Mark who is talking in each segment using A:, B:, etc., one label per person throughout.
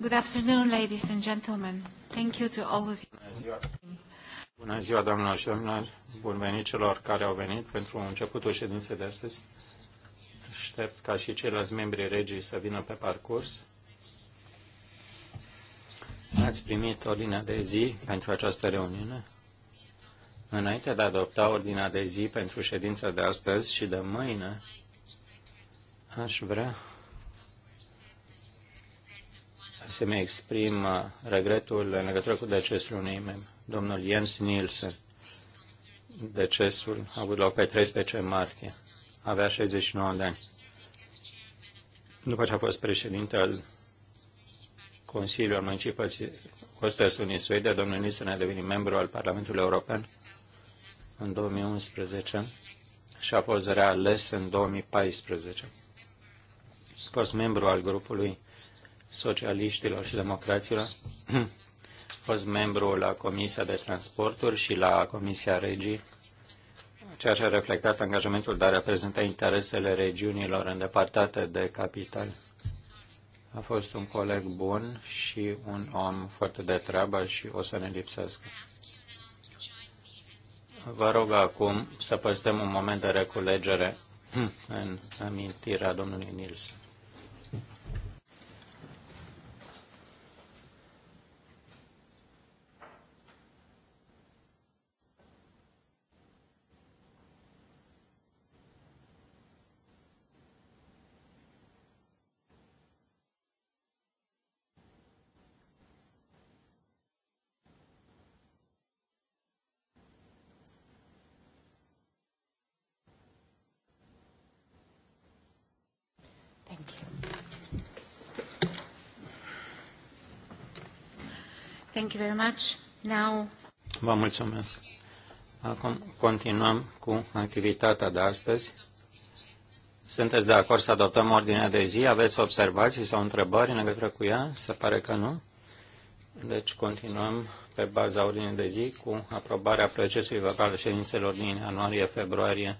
A: Good afternoon, ladies and gentlemen. Thank you to all of you.
B: Bună ziua, Bună ziua doamnelor și domnilor. Bun venit celor care au venit pentru începutul ședinței de astăzi. Aștept ca și ceilalți membri regii să vină pe parcurs. Ați primit ordinea de zi pentru această reuniune. Înainte de a adopta ordinea de zi pentru ședința de astăzi și de mâine, aș vrea să-mi exprim uh, regretul în legătură cu decesul unui mem, domnul Jens Nielsen. Decesul a avut loc pe 13 martie. Avea 69 de ani. După ce a fost președinte al Consiliului Municipății Unii Suedia. domnul Nielsen a devenit membru al Parlamentului European în 2011 și a fost reales în 2014. A fost membru al grupului socialiștilor și democraților. a fost membru la Comisia de Transporturi și la Comisia Regii, ceea ce a reflectat angajamentul de a reprezenta interesele regiunilor îndepărtate de capital. A fost un coleg bun și un om foarte de treabă și o să ne lipsească. Vă rog acum să păstăm un moment de reculegere în amintirea domnului Nilsson.
A: Thank you very much. Now...
B: Vă mulțumesc. Acum continuăm cu activitatea de astăzi. Sunteți de acord să adoptăm ordinea de zi? Aveți observații sau întrebări în legătură cu ea? Se pare că nu. Deci continuăm pe baza ordinii de zi cu aprobarea procesului verbal ședințelor din ianuarie-februarie.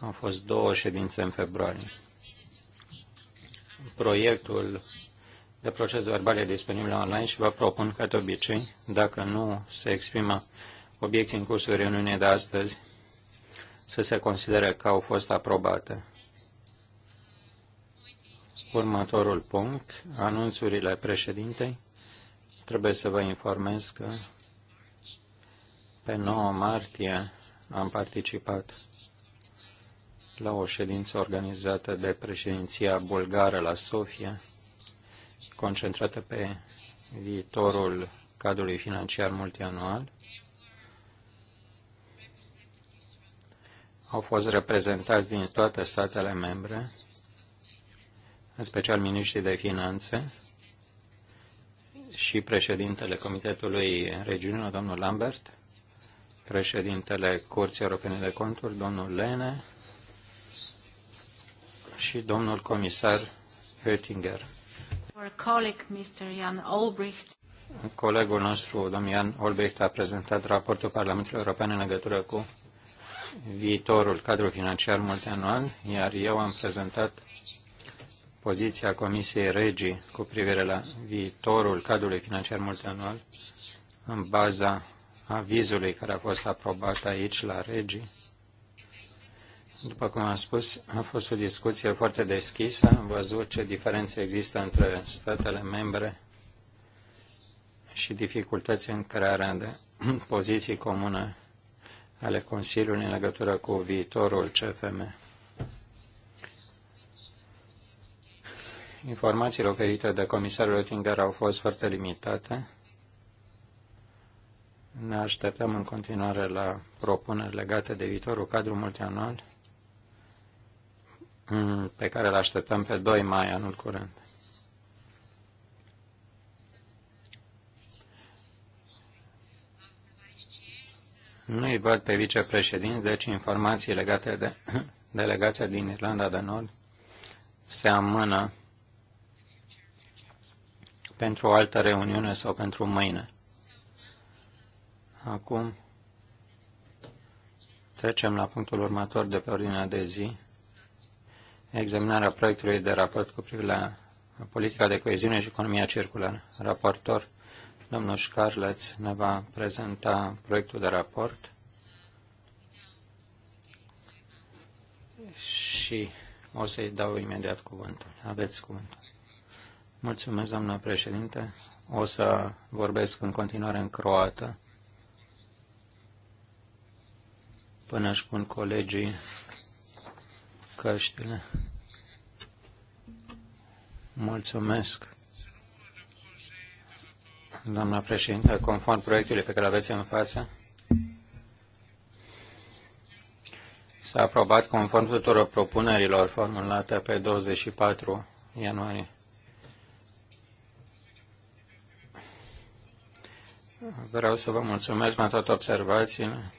B: Au fost două ședințe în februarie. Proiectul de proces verbal e disponibil online și vă propun, ca de obicei, dacă nu se exprimă obiecții în cursul reuniunii de astăzi, să se considere că au fost aprobate. Următorul punct, anunțurile președintei. Trebuie să vă informez că pe 9 martie am participat la o ședință organizată de președinția bulgară la Sofia concentrată pe viitorul cadrului financiar multianual. Au fost reprezentați din toate statele membre, în special miniștrii de finanțe și președintele Comitetului Regiunilor, domnul Lambert, președintele Curții Europene de Conturi, domnul Lene și domnul comisar Oettinger. Colegul nostru, domnul Ian Olbricht, a prezentat raportul Parlamentului European în legătură cu viitorul cadru financiar multianual, iar eu am prezentat poziția Comisiei Regii cu privire la viitorul cadrului financiar multianual în baza avizului care a fost aprobat aici la Regii după cum am spus, a fost o discuție foarte deschisă. Am văzut ce diferențe există între statele membre și dificultăți în crearea de poziții comune ale Consiliului în legătură cu viitorul CFM. Informațiile oferite de comisarul Oettinger au fost foarte limitate. Ne așteptăm în continuare la propuneri legate de viitorul cadru multianual Mm, pe care îl așteptăm pe 2 mai anul curent. Nu-i văd pe vicepreședinți, deci informații legate de delegația din Irlanda de Nord se amână pentru o altă reuniune sau pentru mâine. Acum trecem la punctul următor de pe ordinea de zi examinarea proiectului de raport cu privire la politica de coeziune și economia circulară. Raportor, domnul Șcarleț, ne va prezenta proiectul de raport și o să-i dau imediat cuvântul. Aveți cuvântul. Mulțumesc, doamnă președinte. O să vorbesc în continuare în croată până își pun colegii căștile. Mulțumesc. Doamna președintă, conform proiectului pe care aveți în față, s-a aprobat conform tuturor propunerilor formulate pe 24 ianuarie. Vreau să vă mulțumesc pentru toate observațiile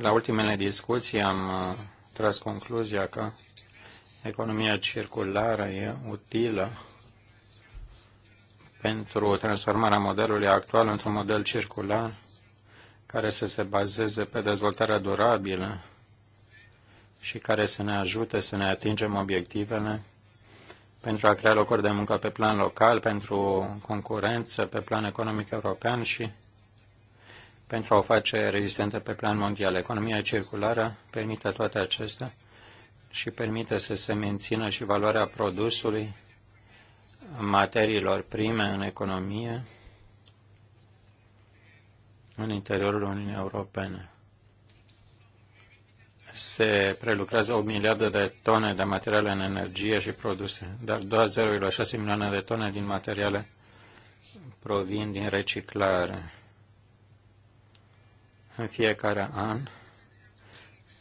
B: La ultimele discuții am uh, tras concluzia că economia circulară e utilă pentru transformarea modelului actual într-un model circular care să se bazeze pe dezvoltarea durabilă și care să ne ajute să ne atingem obiectivele pentru a crea locuri de muncă pe plan local, pentru concurență pe plan economic european și pentru a o face rezistentă pe plan mondial. Economia circulară permite toate acestea și permite să se mențină și valoarea produsului, materiilor prime în economie, în interiorul Uniunii Europene. Se prelucrează 8 miliarde de tone de materiale în energie și produse, dar doar 0,6 milioane de tone din materiale provin din reciclare. În fiecare an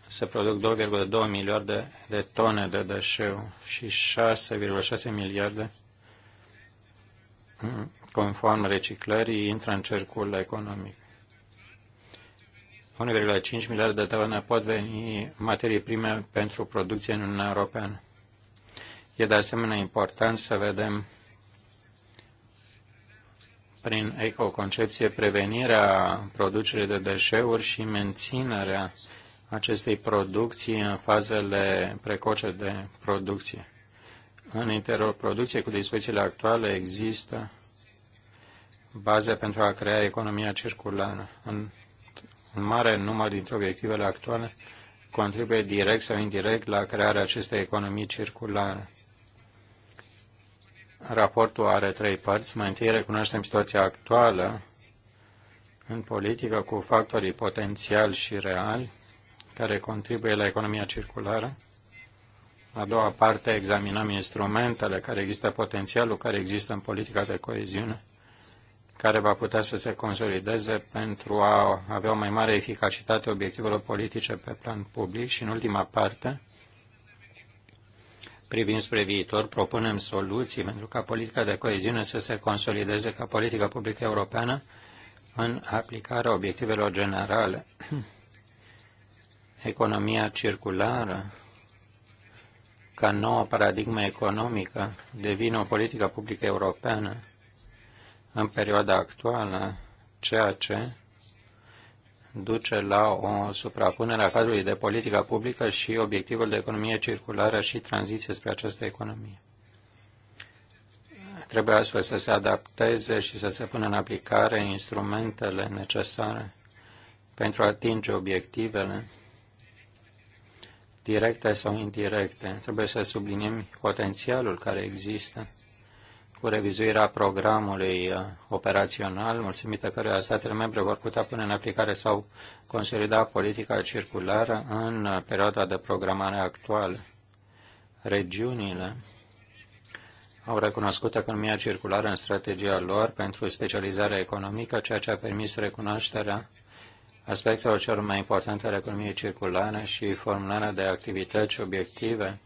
B: se produc 2,2 miliarde de tone de deșeu și 6,6 miliarde conform reciclării intră în cercul economic. 1,5 miliarde de tone pot veni materii prime pentru producție în Uniunea Europeană. E de asemenea important să vedem prin ecoconcepție prevenirea producerii de deșeuri și menținerea acestei producții în fazele precoce de producție. În interiorul producției, cu dispozițiile actuale, există baze pentru a crea economia circulară. În un mare număr dintre obiectivele actuale contribuie direct sau indirect la crearea acestei economii circulare. Raportul are trei părți. Mai întâi recunoaștem situația actuală în politică cu factorii potențial și reali care contribuie la economia circulară. A doua parte examinăm instrumentele care există, potențialul care există în politica de coeziune, care va putea să se consolideze pentru a avea o mai mare eficacitate obiectivelor politice pe plan public și în ultima parte privind spre viitor, propunem soluții pentru ca politica de coeziune să se consolideze ca politică publică europeană în aplicarea obiectivelor generale. Economia circulară, ca nouă paradigmă economică, devine o politică publică europeană în perioada actuală, ceea ce duce la o suprapunere a cadrului de politică publică și obiectivul de economie circulară și tranziție spre această economie. Trebuie astfel să se adapteze și să se pună în aplicare instrumentele necesare pentru a atinge obiectivele directe sau indirecte. Trebuie să subliniem potențialul care există cu revizuirea programului uh, operațional, mulțumită căruia statele membre vor putea pune în aplicare sau consolida politica circulară în uh, perioada de programare actuală. Regiunile au recunoscut economia circulară în strategia lor pentru specializarea economică, ceea ce a permis recunoașterea aspectelor cel mai importante ale economiei circulare și formularea de activități obiective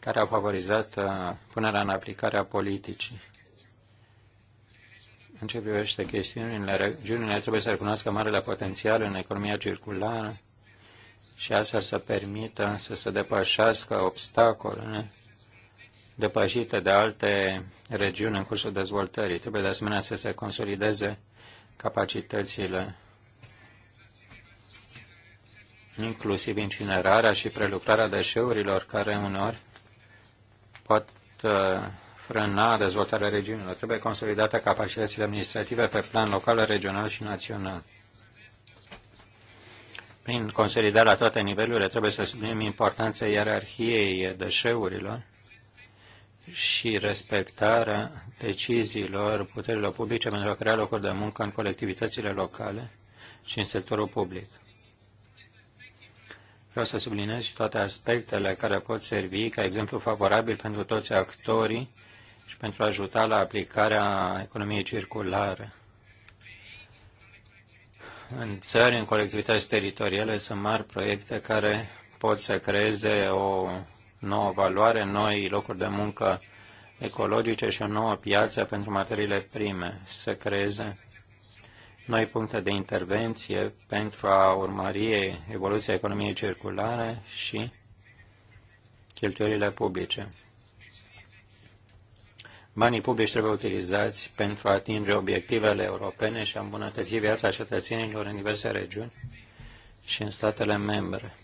B: care au favorizat uh, punerea în aplicare a politicii. În ce privește chestiunile, regiunile trebuie să recunoască marele potențial în economia circulară și astfel să permită să se depășească obstacolele depășite de alte regiuni în cursul dezvoltării. Trebuie de asemenea să se consolideze capacitățile, inclusiv incinerarea și prelucrarea deșeurilor, care uneori pot frâna dezvoltarea regiunilor. Trebuie consolidate capacitățile administrative pe plan local, regional și național. Prin consolidarea toate nivelurile, trebuie să subliniem importanța ierarhiei deșeurilor și respectarea deciziilor puterilor publice pentru a crea locuri de muncă în colectivitățile locale și în sectorul public. Vreau să subliniez și toate aspectele care pot servi ca exemplu favorabil pentru toți actorii și pentru a ajuta la aplicarea economiei circulare. În țări, în colectivități teritoriale, sunt mari proiecte care pot să creeze o nouă valoare, noi locuri de muncă ecologice și o nouă piață pentru materiile prime, să creeze noi puncte de intervenție pentru a urmări evoluția economiei circulare și cheltuielile publice. Banii publici trebuie utilizați pentru a atinge obiectivele europene și a îmbunătăți viața cetățenilor în diverse regiuni și în statele membre.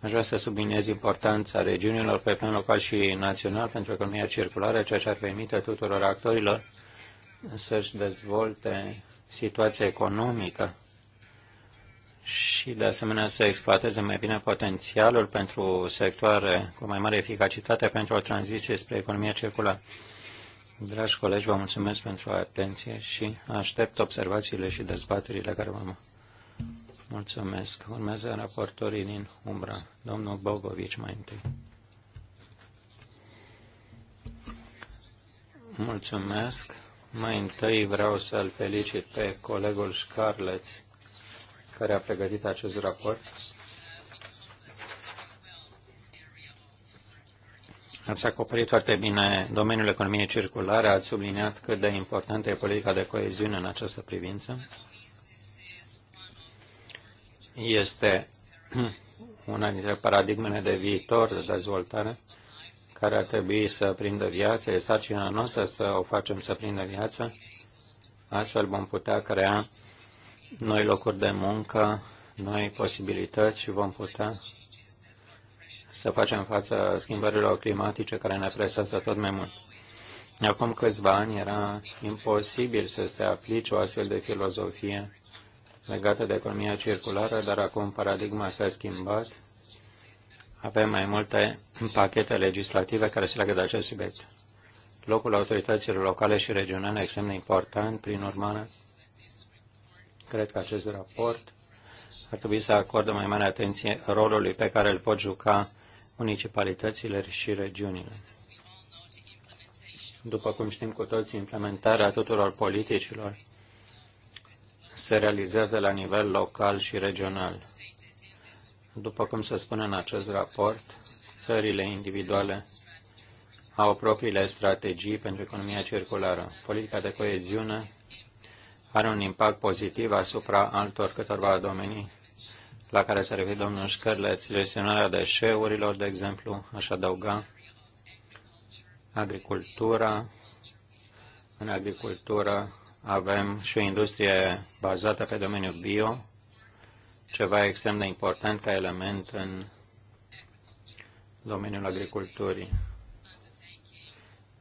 B: Aș vrea să subliniez importanța regiunilor pe plan local și național pentru economia circulară, ceea ce ar permite tuturor actorilor să-și dezvolte situația economică și, de asemenea, să exploateze mai bine potențialul pentru sectoare cu mai mare eficacitate pentru o tranziție spre economia circulară. Dragi colegi, vă mulțumesc pentru atenție și aștept observațiile și dezbaterile care vă Mulțumesc. Urmează raportorii din Umbra. Domnul Bogovici mai întâi. Mulțumesc. Mai întâi vreau să-l felicit pe colegul Scarlett, care a pregătit acest raport. Ați acoperit foarte bine domeniul economiei circulare, ați subliniat cât de importantă e politica de coeziune în această privință. Este una dintre paradigmele de viitor de dezvoltare care ar trebui să prindă viață, e sarcina noastră să o facem să prindă viață, astfel vom putea crea noi locuri de muncă, noi posibilități și vom putea să facem față schimbărilor climatice care ne presează tot mai mult. Acum câțiva ani era imposibil să se aplice o astfel de filozofie legată de economia circulară, dar acum paradigma s-a schimbat avem mai multe pachete legislative care se legă de acest subiect. Locul autorităților locale și regionale extrem de important, prin urmare, cred că acest raport ar trebui să acordă mai mare atenție rolului pe care îl pot juca municipalitățile și regiunile. După cum știm cu toții, implementarea tuturor politicilor se realizează la nivel local și regional. După cum se spune în acest raport, țările individuale au propriile strategii pentru economia circulară. Politica de coeziune are un impact pozitiv asupra altor câtorva domenii la care se referă domnul Șcărleț, gestionarea deșeurilor, de exemplu, aș adăuga agricultura. În agricultură avem și o industrie bazată pe domeniul bio, ceva extrem de important ca element în domeniul agriculturii.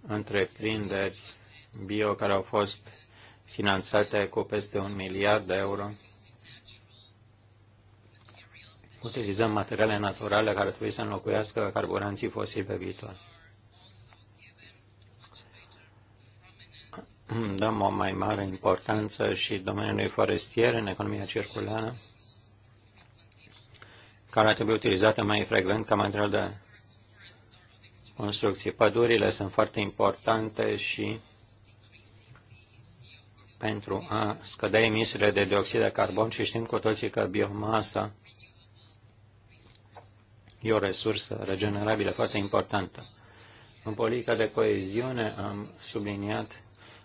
B: Întreprinderi bio care au fost finanțate cu peste un miliard de euro. Utilizăm materiale naturale care trebuie să înlocuiască carburanții fosili pe viitor. Dăm o mai mare importanță și domeniului forestier în economia circulară care ar trebui utilizate mai frecvent ca material de construcție. Pădurile sunt foarte importante și pentru a scădea emisiile de dioxid de carbon și știm cu toții că biomasa e o resursă regenerabilă foarte importantă. În politica de coeziune am subliniat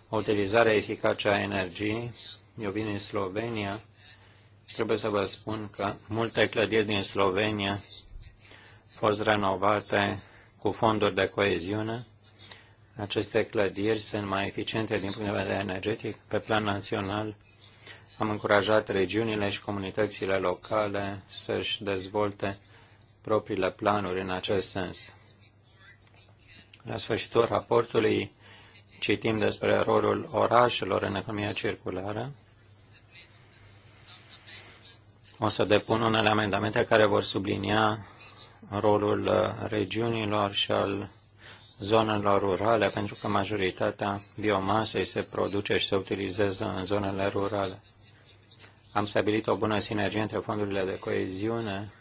B: o utilizare eficace a energiei. Eu vin în Slovenia, trebuie să vă spun că multe clădiri din Slovenia au fost renovate cu fonduri de coeziune. Aceste clădiri sunt mai eficiente din punct de vedere energetic. Pe plan național am încurajat regiunile și comunitățile locale să-și dezvolte propriile planuri în acest sens. La sfârșitul raportului citim despre rolul orașelor în economia circulară o să depun unele amendamente care vor sublinia rolul uh, regiunilor și al zonelor rurale, pentru că majoritatea biomasei se produce și se utilizează în zonele rurale. Am stabilit o bună sinergie între fondurile de coeziune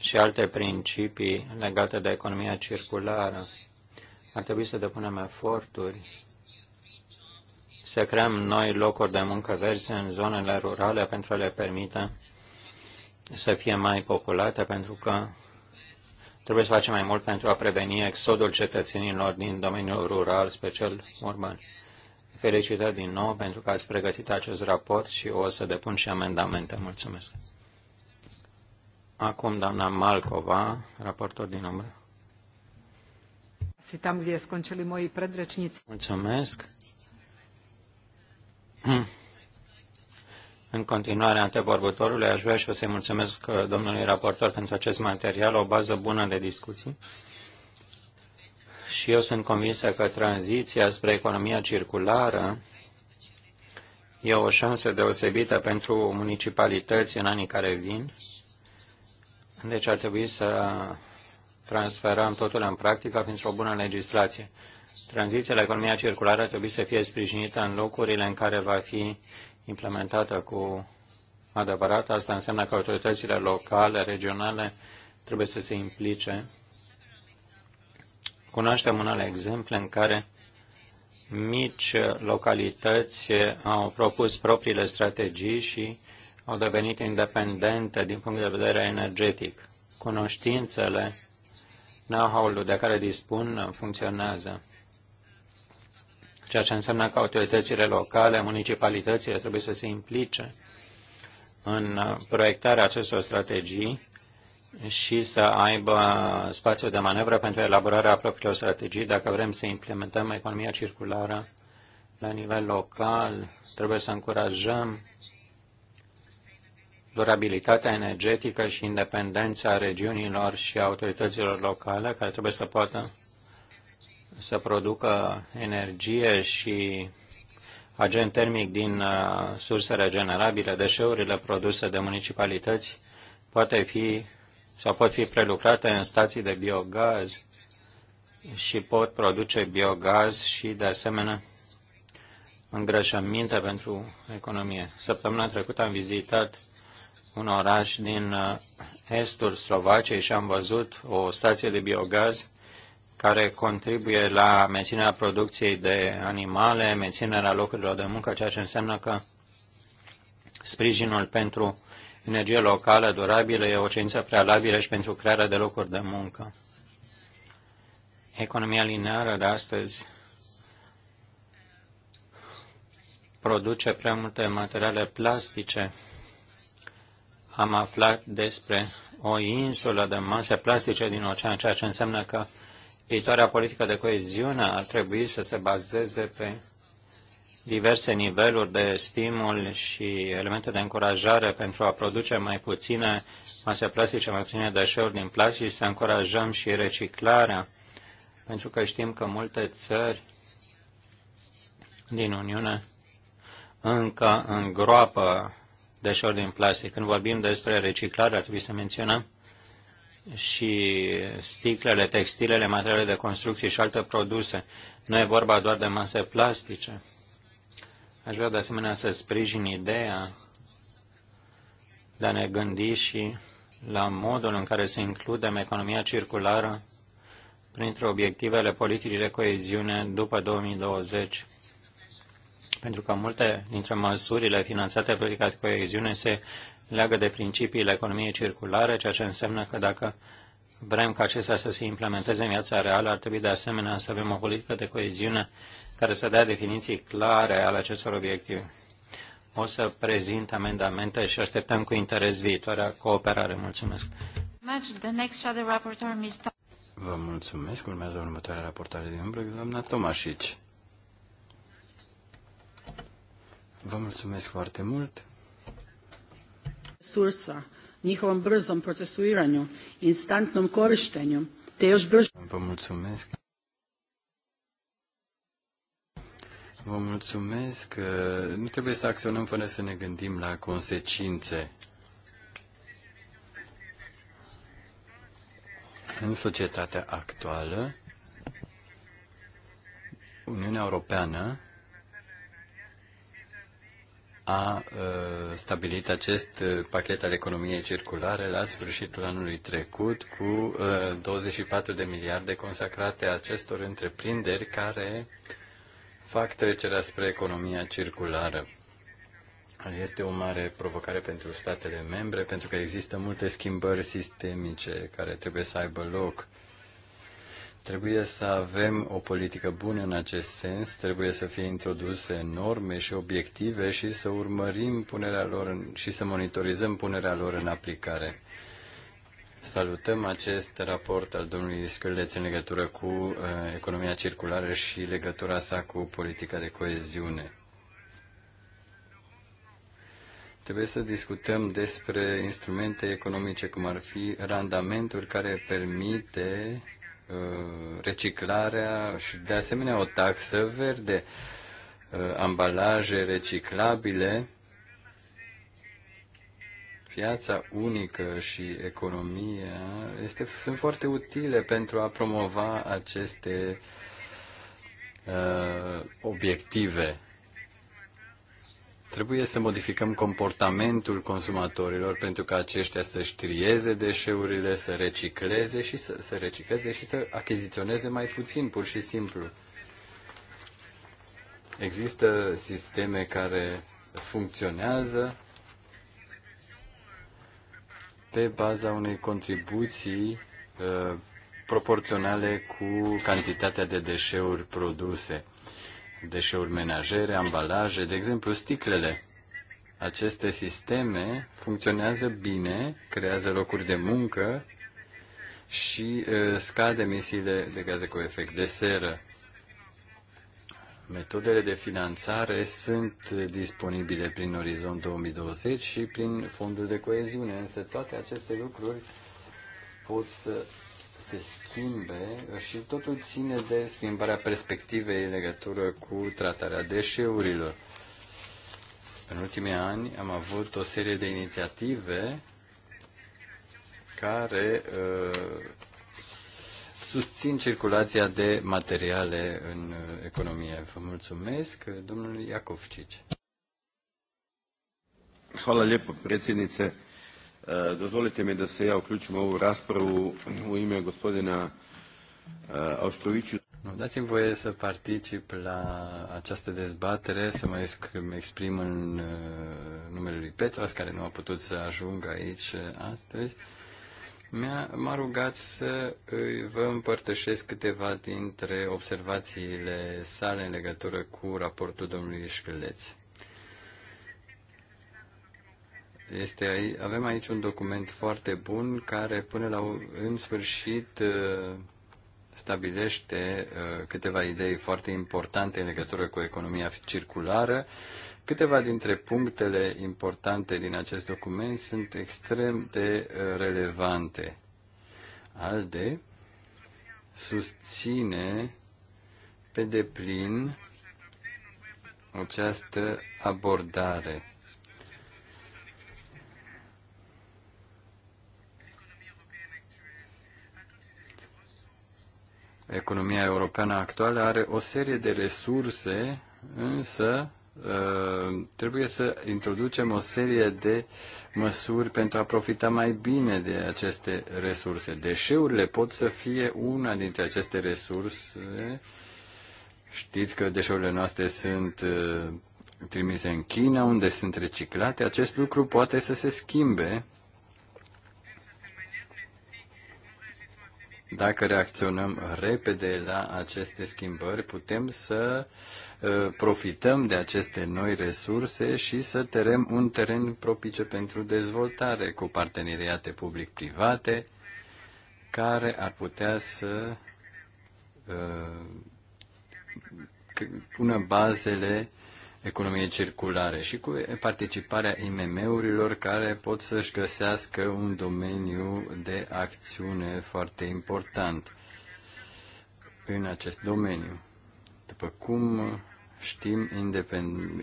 B: și alte principii legate de economia circulară. Ar trebui să depunem eforturi să creăm noi locuri de muncă verzi în zonele rurale pentru a le permite să fie mai populate, pentru că trebuie să facem mai mult pentru a preveni exodul cetățenilor din domeniul rural, special urban. Felicitări din nou pentru că ați pregătit acest raport și o să depun și amendamente. Mulțumesc. Acum doamna Malcova, raportor din umbră. Mulțumesc. Hmm. În continuare, antevorbătorului, aș vrea și o să-i mulțumesc uh, domnului raportor pentru acest material, o bază bună de discuții. Și eu sunt convinsă că tranziția spre economia circulară e o șansă deosebită pentru municipalități în anii care vin. Deci ar trebui să transferăm totul în practică pentru o bună legislație. Tranziția la economia circulară trebuie să fie sprijinită în locurile în care va fi implementată cu adevărat. Asta înseamnă că autoritățile locale, regionale, trebuie să se implice. Cunoaștem unele exemple în care mici localități au propus propriile strategii și au devenit independente din punct de vedere energetic. Cunoștințele, know-how-ul de care dispun funcționează ceea ce înseamnă că autoritățile locale, municipalitățile trebuie să se implice în proiectarea acestor strategii și să aibă spațiu de manevră pentru elaborarea propriilor strategii. Dacă vrem să implementăm economia circulară la nivel local, trebuie să încurajăm durabilitatea energetică și independența regiunilor și autorităților locale, care trebuie să poată să producă energie și agent termic din uh, surse regenerabile, deșeurile produse de municipalități poate fi sau pot fi prelucrate în stații de biogaz și pot produce biogaz și, de asemenea, îngrășăminte pentru economie. Săptămâna trecută am vizitat un oraș din uh, estul Slovaciei și am văzut o stație de biogaz care contribuie la menținerea producției de animale, menținerea locurilor de muncă, ceea ce înseamnă că sprijinul pentru energie locală durabilă e o cerință prealabilă și pentru crearea de locuri de muncă. Economia lineară de astăzi produce prea multe materiale plastice. Am aflat despre o insulă de mase plastice din ocean, ceea ce înseamnă că Viitoarea politică de coeziune ar trebui să se bazeze pe diverse niveluri de stimul și elemente de încurajare pentru a produce mai puține mase plastice, mai puține deșeuri din plastic și să încurajăm și reciclarea, pentru că știm că multe țări din Uniune încă îngroapă deșeuri din plastic. Când vorbim despre reciclare, ar trebui să menționăm și sticlele, textilele, materiale de construcție și alte produse. Nu e vorba doar de mase plastice. Aș vrea de asemenea să sprijin ideea de a ne gândi și la modul în care să includem economia circulară printre obiectivele politicii de coeziune după 2020. Pentru că multe dintre măsurile finanțate pe politica de coeziune se leagă de principiile economiei circulare, ceea ce înseamnă că dacă vrem ca acestea să se implementeze în viața reală, ar trebui de asemenea să avem o politică de coeziune care să dea definiții clare ale acestor obiective. O să prezint amendamente și așteptăm cu interes viitoarea cooperare. Mulțumesc!
C: Vă mulțumesc. Urmează următoarea raportare din umbră, doamna Tomașici. Vă mulțumesc foarte mult resursa, njihovom brzom
A: procesuiranju, instantnom korištenju, te još brže...
C: Vă mulțumesc. Vă mulțumesc. Nu trebuie să acționăm fără să ne gândim la consecințe. În societatea actuală, Uniunea Europeană a stabilit acest pachet al economiei circulare la sfârșitul anului trecut cu 24 de miliarde consacrate acestor întreprinderi care fac trecerea spre economia circulară. Este o mare provocare pentru statele membre pentru că există multe schimbări sistemice care trebuie să aibă loc Trebuie să avem o politică bună în acest sens, trebuie să fie introduse norme și obiective și să urmărim punerea lor în, și să monitorizăm punerea lor în aplicare. Salutăm acest raport al domnului Scârleț în legătură cu uh, economia circulară și legătura sa cu politica de coeziune. Trebuie să discutăm despre instrumente economice, cum ar fi randamentul care permite Uh, reciclarea și de asemenea o taxă verde, uh, ambalaje reciclabile, piața unică și economia este, sunt foarte utile pentru a promova aceste uh, obiective. Trebuie să modificăm comportamentul consumatorilor pentru ca aceștia să ștrieze deșeurile, să recicleze și să, să recicleze și să achiziționeze mai puțin, pur și simplu. Există sisteme care funcționează pe baza unei contribuții uh, proporționale cu cantitatea de deșeuri produse deșeuri menajere, ambalaje, de exemplu sticlele. Aceste sisteme funcționează bine, creează locuri de muncă și scad emisiile de gaze cu efect de seră. Metodele de finanțare sunt disponibile prin Orizont 2020 și prin fondul de coeziune, însă toate aceste lucruri pot să se schimbe și totul ține de schimbarea perspectivei în legătură cu tratarea deșeurilor. În ultimii ani am avut o serie de inițiative care uh, susțin circulația de materiale în uh, economie. Vă mulțumesc, domnul Iacovcici. Hvala lijepo, predsjednice. Dozvolite mi da se ja uključim u ovu raspravu u ime gospodina Auštroviću. Dați-mi voie să particip la această dezbatere, să mă exprim în numele lui Petras, care nu a putut să ajungă aici astăzi. M-a rugat să vă împărtășesc câteva dintre observațiile sale în legătură cu raportul domnului Șcleț. Este, aici. avem aici un document foarte bun care până la în sfârșit uh, stabilește uh, câteva idei foarte importante în legătură cu economia circulară. Câteva dintre punctele importante din acest document sunt extrem de uh, relevante. ALDE susține pe deplin această abordare Economia europeană actuală are o serie de resurse, însă uh, trebuie să introducem o serie de măsuri pentru a profita mai bine de aceste resurse. Deșeurile pot să fie una dintre aceste resurse. Știți că deșeurile noastre sunt uh, trimise în China, unde sunt reciclate. Acest lucru poate să se schimbe Dacă reacționăm repede la aceste schimbări, putem să uh, profităm de aceste noi resurse și să terem un teren propice pentru dezvoltare cu parteneriate public-private care ar putea să uh, pună bazele economiei circulare și cu participarea IMM-urilor care pot să-și găsească un domeniu de acțiune foarte important în acest domeniu. După cum știm,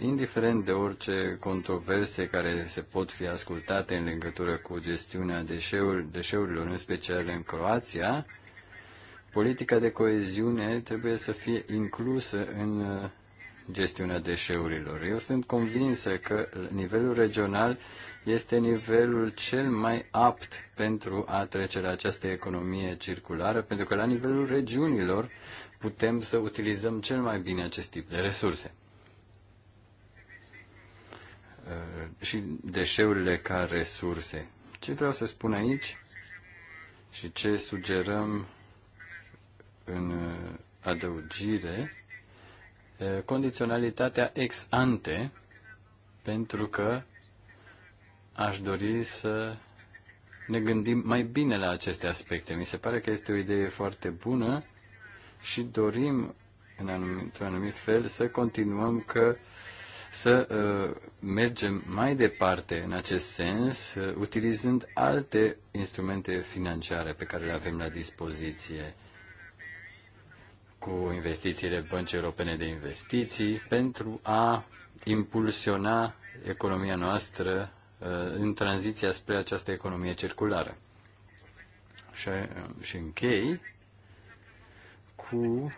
C: indiferent de orice controverse care se pot fi ascultate în legătură cu gestiunea deșeuri, deșeurilor, în special în Croația, politica de coeziune trebuie să fie inclusă în gestiunea deșeurilor. Eu sunt convinsă că nivelul regional este nivelul cel mai apt pentru a trece la această economie circulară, pentru că la nivelul regiunilor putem să utilizăm cel mai bine acest tip de resurse. Uh, și deșeurile ca resurse. Ce vreau să spun aici și ce sugerăm în adăugire condiționalitatea ex ante, pentru că aș dori să ne gândim mai bine la aceste aspecte. Mi se pare că este o idee foarte bună și dorim, în anumit, într-un anumit fel, să continuăm că să uh, mergem mai departe în acest sens, uh, utilizând alte instrumente financiare pe care le avem la dispoziție. Uh, cu investițiile Băncii Europene de Investiții pentru a impulsiona economia noastră uh, în tranziția spre această economie circulară. Și, uh, închei cu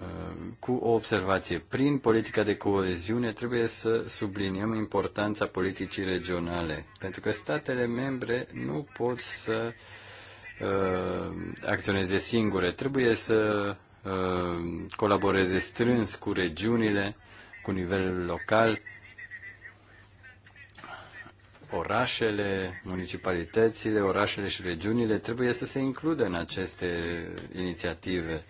C: Ehm, cu o observație. Prin politica de coeziune trebuie să subliniem importanța politicii regionale, pentru că statele membre nu pot să uh, acționeze singure. Trebuie să uh, colaboreze strâns cu regiunile, cu nivelul local, orașele, municipalitățile, orașele și regiunile trebuie să se includă în aceste inițiative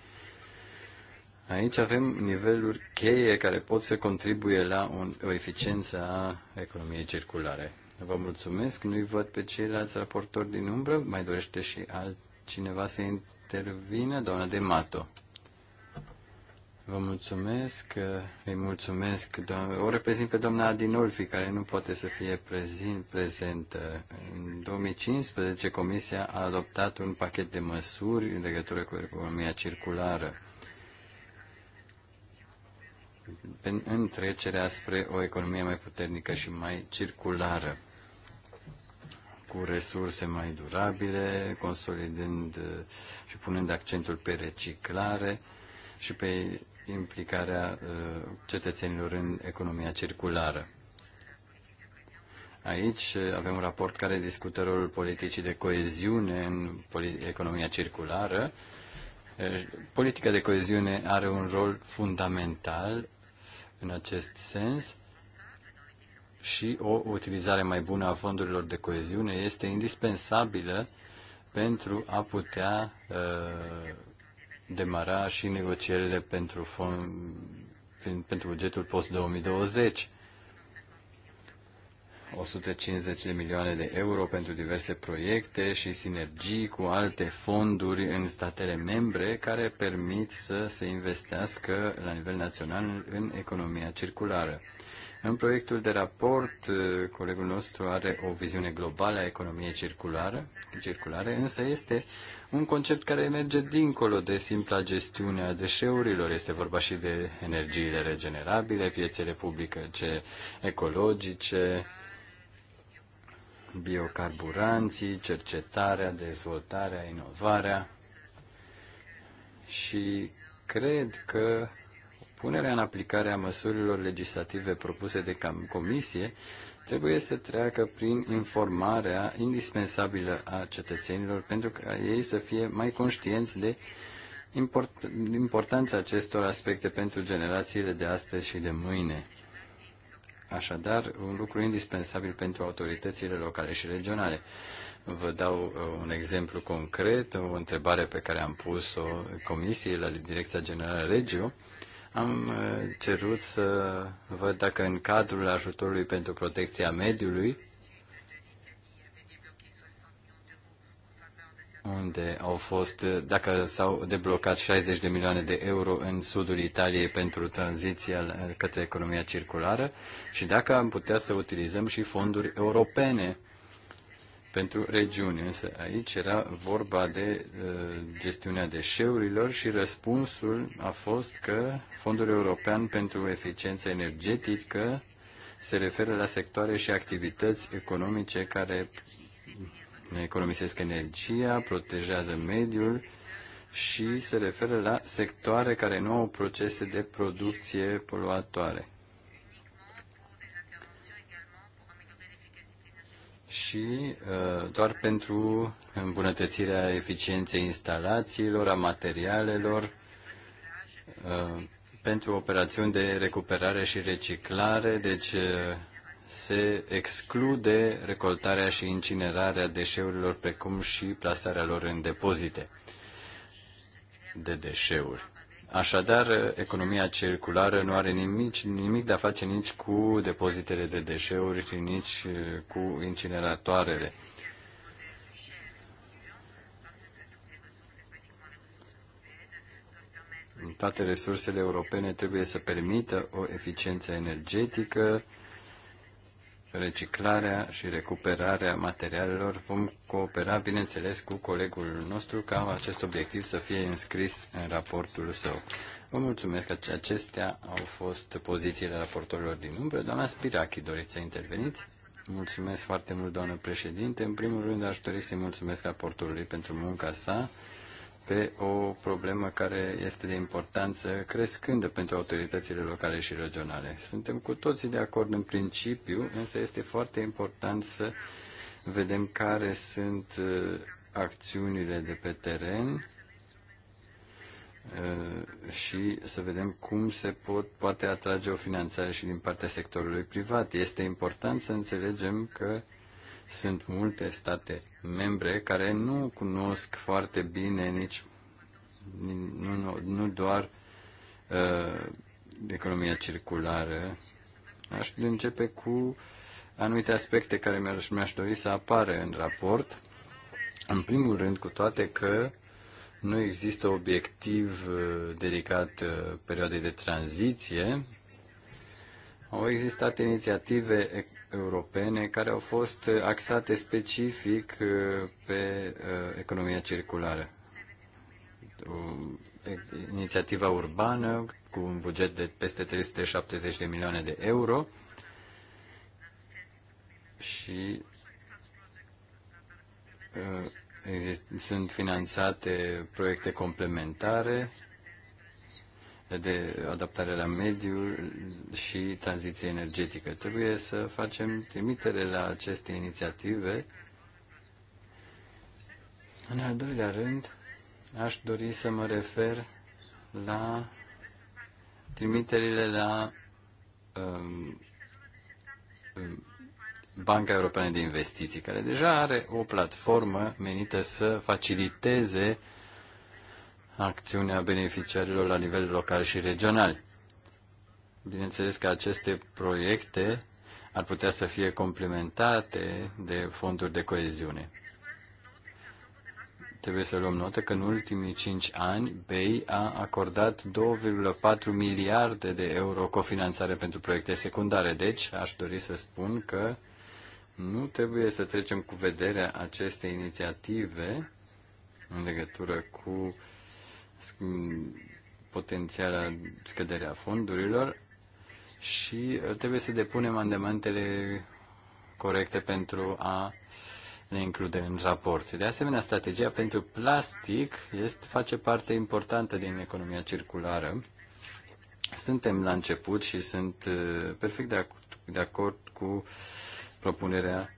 C: Aici avem niveluri cheie care pot să contribuie la un, o eficiență a economiei circulare. Vă mulțumesc, nu-i văd pe ceilalți raportori din umbră, mai dorește și altcineva să intervină, doamna de Mato. Vă mulțumesc, îi mulțumesc, o reprezint pe doamna Adinolfi, care nu poate să fie prezent, prezentă. În 2015, Comisia a adoptat un pachet de măsuri în legătură cu economia circulară în trecerea spre o economie mai puternică și mai circulară, cu resurse mai durabile, consolidând și punând accentul pe reciclare și pe implicarea uh, cetățenilor în economia circulară. Aici uh, avem un raport care discută rolul politicii de coeziune în economia circulară. Uh, politica de coeziune are un rol fundamental în acest sens și o utilizare mai bună a fondurilor de coeziune este indispensabilă pentru a putea uh, demara și negocierile pentru, fond, pentru bugetul post-2020. 150 de milioane de euro pentru diverse proiecte și sinergii cu alte fonduri în statele membre care permit să se investească la nivel național în economia circulară. În proiectul de raport, uh, colegul nostru are o viziune globală a economiei circulară, circulare, însă este un concept care merge dincolo de simpla gestiune a deșeurilor. Este vorba și de energiile regenerabile, piețele publice ecologice, biocarburanții, cercetarea, dezvoltarea, inovarea și cred că punerea în aplicare a măsurilor legislative propuse de comisie trebuie să treacă prin informarea indispensabilă a cetățenilor pentru ca ei să fie mai conștienți de import, importanța acestor aspecte pentru generațiile de astăzi și de mâine. Așadar, un lucru indispensabil pentru autoritățile locale și regionale. Vă dau uh, un exemplu concret, o întrebare pe care am pus-o comisiei la Direcția Generală Regio. Am uh, cerut să văd dacă în cadrul ajutorului pentru protecția mediului unde au fost, dacă s-au deblocat 60 de milioane de euro în sudul Italiei pentru tranziția către economia circulară și dacă am putea să utilizăm și fonduri europene pentru regiuni. Însă aici era vorba de uh, gestiunea deșeurilor și răspunsul a fost că Fondul European pentru Eficiență Energetică se referă la sectoare și activități economice care economisesc energia, protejează mediul și se referă la sectoare care nu au procese de producție poluatoare. și uh, doar pentru îmbunătățirea eficienței instalațiilor, a materialelor, uh, pentru operațiuni de recuperare și reciclare, deci uh, se exclude recoltarea și incinerarea deșeurilor, precum și plasarea lor în depozite de deșeuri. Așadar, economia circulară nu are nimic, nimic de a face nici cu depozitele de deșeuri și nici uh, cu incineratoarele. Toate resursele europene trebuie să permită o eficiență energetică, reciclarea și recuperarea materialelor. Vom coopera, bineînțeles, cu colegul nostru ca acest obiectiv să fie înscris în raportul său. Vă mulțumesc că acestea au fost pozițiile raportorilor din umbră. Doamna Spirachi, doriți să interveniți? Mulțumesc foarte mult, doamnă președinte. În primul rând, aș dori să-i mulțumesc raportorului pentru munca sa pe o problemă care este de importanță crescândă pentru autoritățile locale și regionale. Suntem cu toții de acord în principiu, însă este foarte important să vedem care sunt uh, acțiunile de pe teren uh, și să vedem cum se pot, poate atrage o finanțare și din partea sectorului privat. Este important să înțelegem că sunt multe state membre care nu cunosc foarte bine nici nu, nu, nu doar uh, economia circulară. Aș începe cu anumite aspecte care mi-aș, mi-aș dori să apare în raport. În primul rând, cu toate că nu există obiectiv uh, dedicat uh, perioadei de tranziție, au existat inițiative europene care au fost axate specific pe economia circulară. Inițiativa urbană cu un buget de peste 370 de milioane de euro și exist, sunt finanțate proiecte complementare de adaptare la mediu și tranziție energetică. Trebuie să facem trimitere la aceste inițiative. În al doilea rând, aș dori să mă refer la trimiterile la um, um Banca Europeană de Investiții, care deja are o platformă menită să faciliteze uh, acțiunea beneficiarilor la nivel local și regional. Bineînțeles că aceste proiecte ar putea să fie complementate de fonduri de coeziune. Trebuie să luăm notă că în ultimii 5 ani BEI a acordat 2,4 miliarde de euro cofinanțare pentru proiecte secundare. Deci, aș dori să spun că nu trebuie să trecem cu vederea aceste inițiative în legătură cu potențiala scădere a fondurilor și uh, trebuie să depunem amendamentele corecte pentru a le include în raport. De asemenea, strategia pentru plastic este, face parte importantă din economia circulară. Suntem la început și sunt uh, perfect de, ac- de acord cu propunerea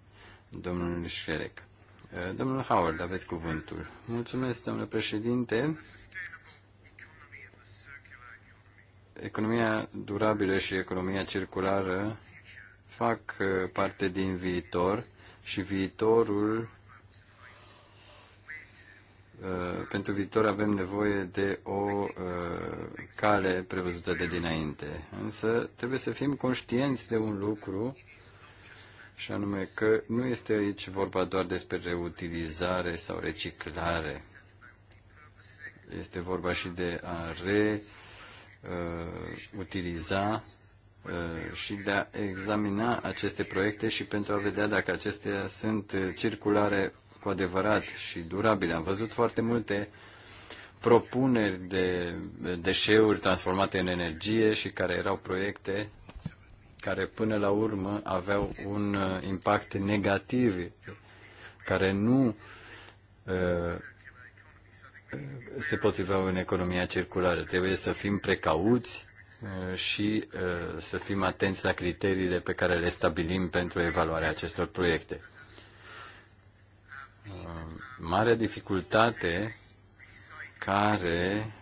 C: domnului Șerec. Uh, domnul Howard, aveți cuvântul. Mulțumesc, domnule președinte. Economia durabilă și economia circulară fac uh, parte din viitor și viitorul uh, pentru viitor avem nevoie de o uh, cale prevăzută de dinainte. Însă trebuie să fim conștienți de un lucru și anume că nu este aici vorba doar despre reutilizare sau reciclare. Este vorba și de a re- uh, utiliza uh, și de a examina aceste proiecte și pentru a vedea dacă acestea sunt uh, circulare cu adevărat și durabile. Am văzut foarte multe propuneri de deșeuri transformate în energie și care erau proiecte care până la urmă aveau un uh, impact negativ, care nu uh, se potriveau în economia circulară. Trebuie să fim precauți uh, și uh, să fim atenți la criteriile pe care le stabilim pentru evaluarea acestor proiecte. Uh, Marea dificultate care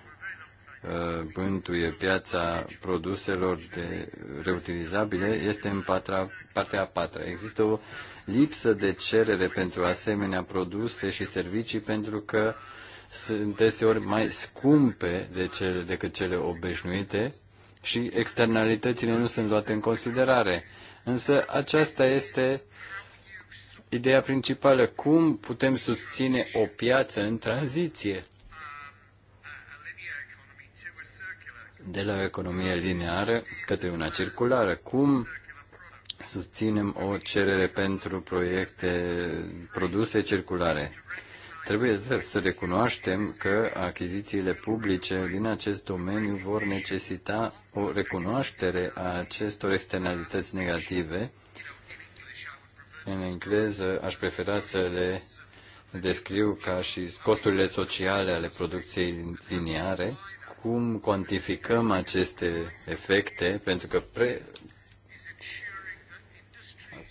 C: bântuie piața produselor de reutilizabile este în patra, partea a patra. Există o lipsă de cerere pentru asemenea produse și servicii pentru că uh, sunt deseori mai scumpe de cele, decât cele obișnuite și externalitățile nu sunt luate în considerare. Însă aceasta este ideea principală. Cum putem susține o piață în tranziție? de la o economie lineară către una circulară. Cum susținem o cerere pentru proiecte, produse circulare? Trebuie să recunoaștem că achizițiile publice din acest domeniu vor necesita o recunoaștere a acestor externalități negative. În engleză aș prefera să le descriu ca și costurile sociale ale producției liniare, cum cuantificăm aceste efecte, pentru că pre,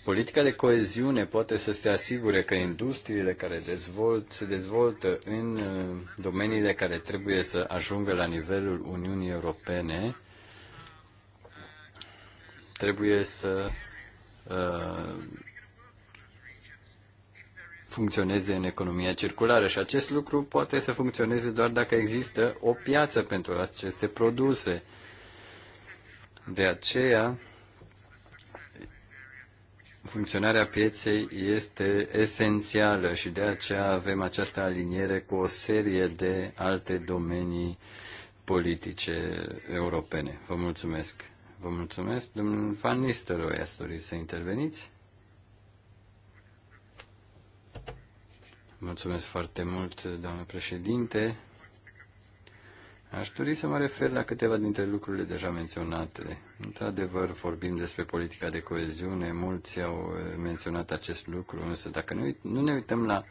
C: Politica de coeziune poate să se asigure că industriile care dezvolt, se dezvoltă în uh, domeniile care trebuie să ajungă la nivelul Uniunii Europene trebuie să uh, funcționeze în economia circulară și acest lucru poate să funcționeze doar dacă există o piață pentru aceste produse. De aceea, funcționarea pieței este esențială și de aceea avem această aliniere cu o serie de alte domenii politice europene. Vă mulțumesc. Vă mulțumesc. Domnul Van Nistelrooy, ați dorit să interveniți? Mulțumesc foarte mult, doamnă președinte. Aș dori să mă refer la câteva dintre lucrurile deja menționate. Într-adevăr, vorbim despre politica de coeziune, mulți au eh, menționat acest lucru, însă dacă nu, nu ne uităm la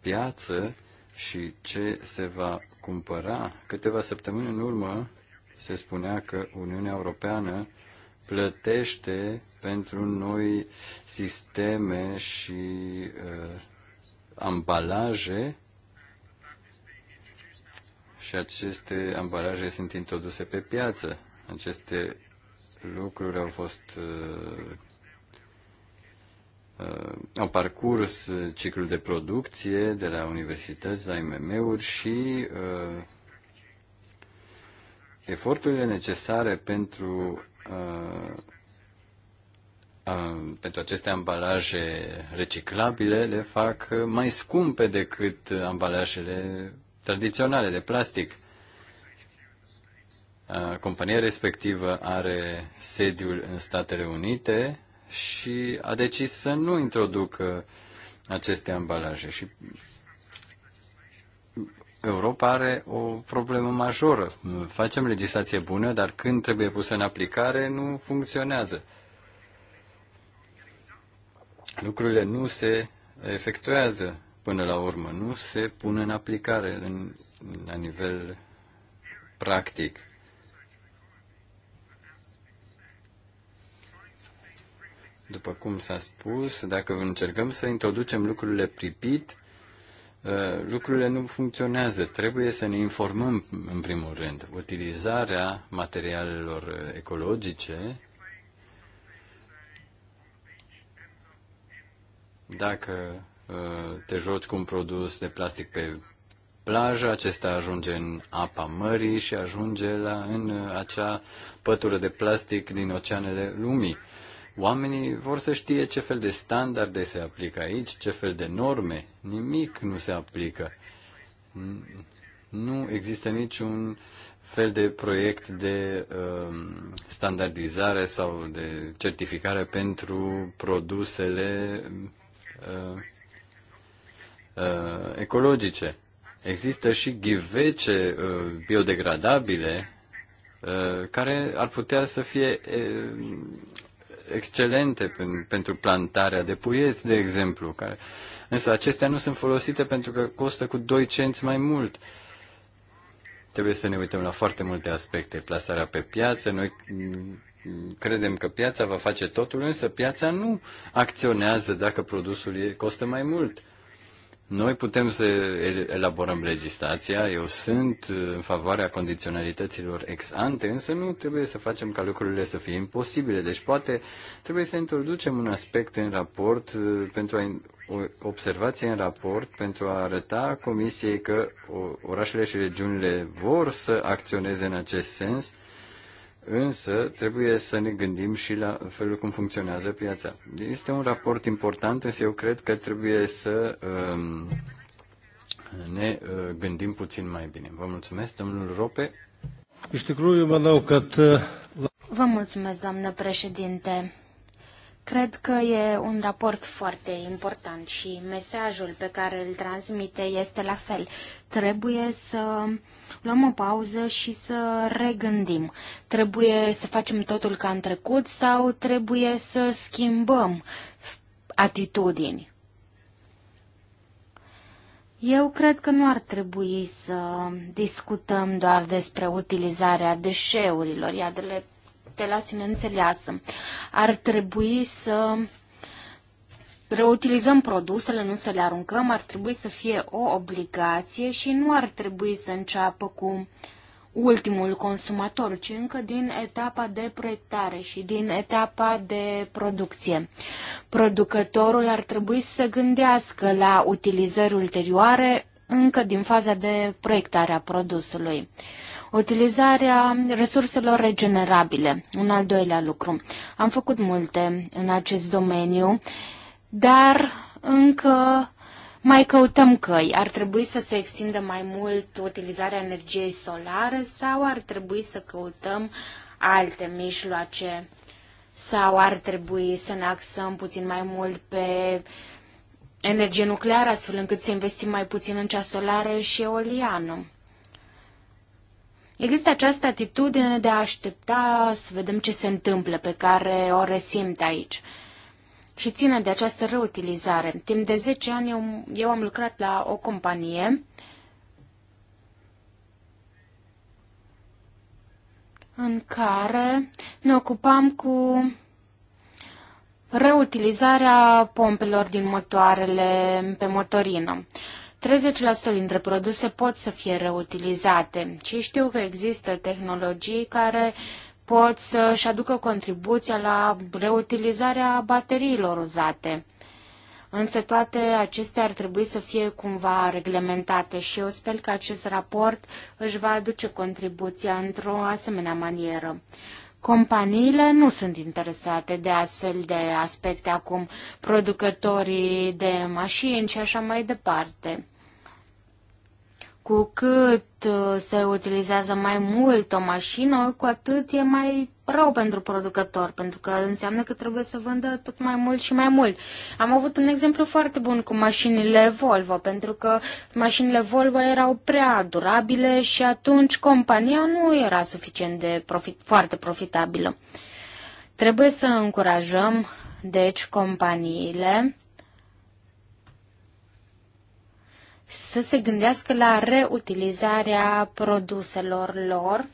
C: piață și ce se va cumpăra, câteva săptămâni în urmă se spunea că Uniunea Europeană plătește pentru noi sisteme și uh, ambalaje și aceste ambalaje sunt introduse pe piață. Aceste lucruri au fost uh, uh, au parcurs ciclul de producție de la universități, la IMM-uri și uh, eforturile necesare pentru uh, uh, pentru aceste ambalaje reciclabile le fac mai scumpe decât ambalajele tradiționale de plastic. Compania respectivă are sediul în Statele Unite și a decis să nu introducă aceste ambalaje. Și Europa are o problemă majoră. Facem legislație bună, dar când trebuie pusă în aplicare, nu funcționează. Lucrurile nu se efectuează până la urmă nu se pune în aplicare în, la nivel practic. După cum s-a spus, dacă încercăm să introducem lucrurile pripit, ă, lucrurile nu funcționează. Trebuie să ne informăm, în primul rând. Utilizarea materialelor ecologice, dacă te joci cu un produs de plastic pe plajă, acesta ajunge în apa mării și ajunge la, în uh, acea pătură de plastic din oceanele lumii. Oamenii vor să știe ce fel de standarde se aplică aici, ce fel de norme. Nimic nu se aplică. Nu există niciun fel de proiect de um, standardizare sau de certificare pentru produsele uh, uh, ecologice. Există și ghivece uh, biodegradabile uh, care ar putea să fie uh, excelente pen, pentru plantarea de puieți, de exemplu. Care, însă acestea nu sunt folosite pentru că costă cu 2 cenți mai mult. Trebuie să ne uităm la foarte multe aspecte. Plasarea pe piață, noi mm, credem că piața va face totul, însă piața nu acționează dacă produsul costă mai mult. Uh, noi putem să elaborăm legislația, eu sunt uh, în favoarea condiționalităților ex ante, însă nu trebuie să facem ca lucrurile să fie imposibile. Deci poate trebuie să introducem un aspect în raport uh, pentru a o observație în raport pentru a arăta Comisiei că orașele și regiunile vor să acționeze în acest sens Însă trebuie să ne gândim și la felul cum funcționează piața. Este un raport important, însă eu cred că trebuie să um, ne uh, gândim puțin mai bine. Vă mulțumesc, domnul Rope. Uh,
A: Vă mulțumesc, doamnă președinte. Cred că e un raport foarte important și mesajul pe care îl transmite este la fel. Trebuie să luăm o pauză și să regândim. Trebuie să facem totul ca în trecut sau trebuie să schimbăm atitudini. Eu cred că nu ar trebui să discutăm doar despre utilizarea deșeurilor, Iadele de de la sine înțeleasă. Ar trebui să reutilizăm produsele, nu să le aruncăm, ar trebui să fie o obligație și nu ar trebui să înceapă cu ultimul consumator, ci încă din etapa de proiectare și din etapa de producție. Producătorul ar trebui să se gândească la utilizări ulterioare încă din faza de proiectare a produsului. Utilizarea resurselor regenerabile, un al doilea lucru. Am făcut multe în acest domeniu, dar încă mai căutăm căi. Ar trebui să se extindă mai mult utilizarea energiei solare sau ar trebui să căutăm alte mijloace sau ar trebui să ne axăm puțin mai mult pe energie nucleară, astfel încât să investim mai puțin în cea solară și eoliană. Există această atitudine de a aștepta să vedem ce se întâmplă, pe care o resimt aici. Și ține de această reutilizare. Timp de 10 ani eu, eu am lucrat la o companie în care ne ocupam cu reutilizarea pompelor din motoarele pe motorină. 30% dintre produse pot să fie reutilizate și știu că există tehnologii care pot să-și aducă contribuția la reutilizarea bateriilor uzate. Însă toate acestea ar trebui să fie cumva reglementate și eu sper că acest raport își va aduce contribuția într-o asemenea manieră. Companiile nu sunt interesate de astfel de aspecte acum, producătorii de mașini și așa mai departe. Cu cât uh, se utilizează mai mult o mașină, cu atât e mai rău pentru producător, pentru că înseamnă că trebuie să vândă tot mai mult și mai mult. Am avut un exemplu foarte bun cu mașinile Volvo, pentru că mașinile Volvo erau prea durabile și atunci compania nu era suficient de profit, foarte profitabilă. Trebuie să încurajăm, deci, companiile să se gândească la reutilizarea produselor lor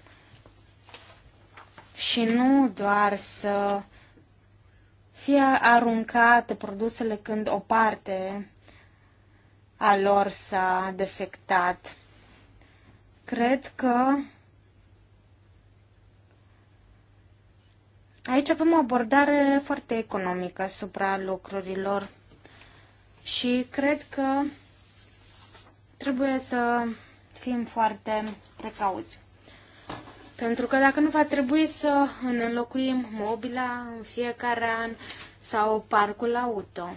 A: și nu doar să fie aruncate produsele când o parte a lor s-a defectat. Cred că aici avem o abordare foarte economică asupra lucrurilor și cred că Trebuie să fim foarte precauți. Pentru că dacă nu va trebui să înlocuim mobila în fiecare an sau parcul auto.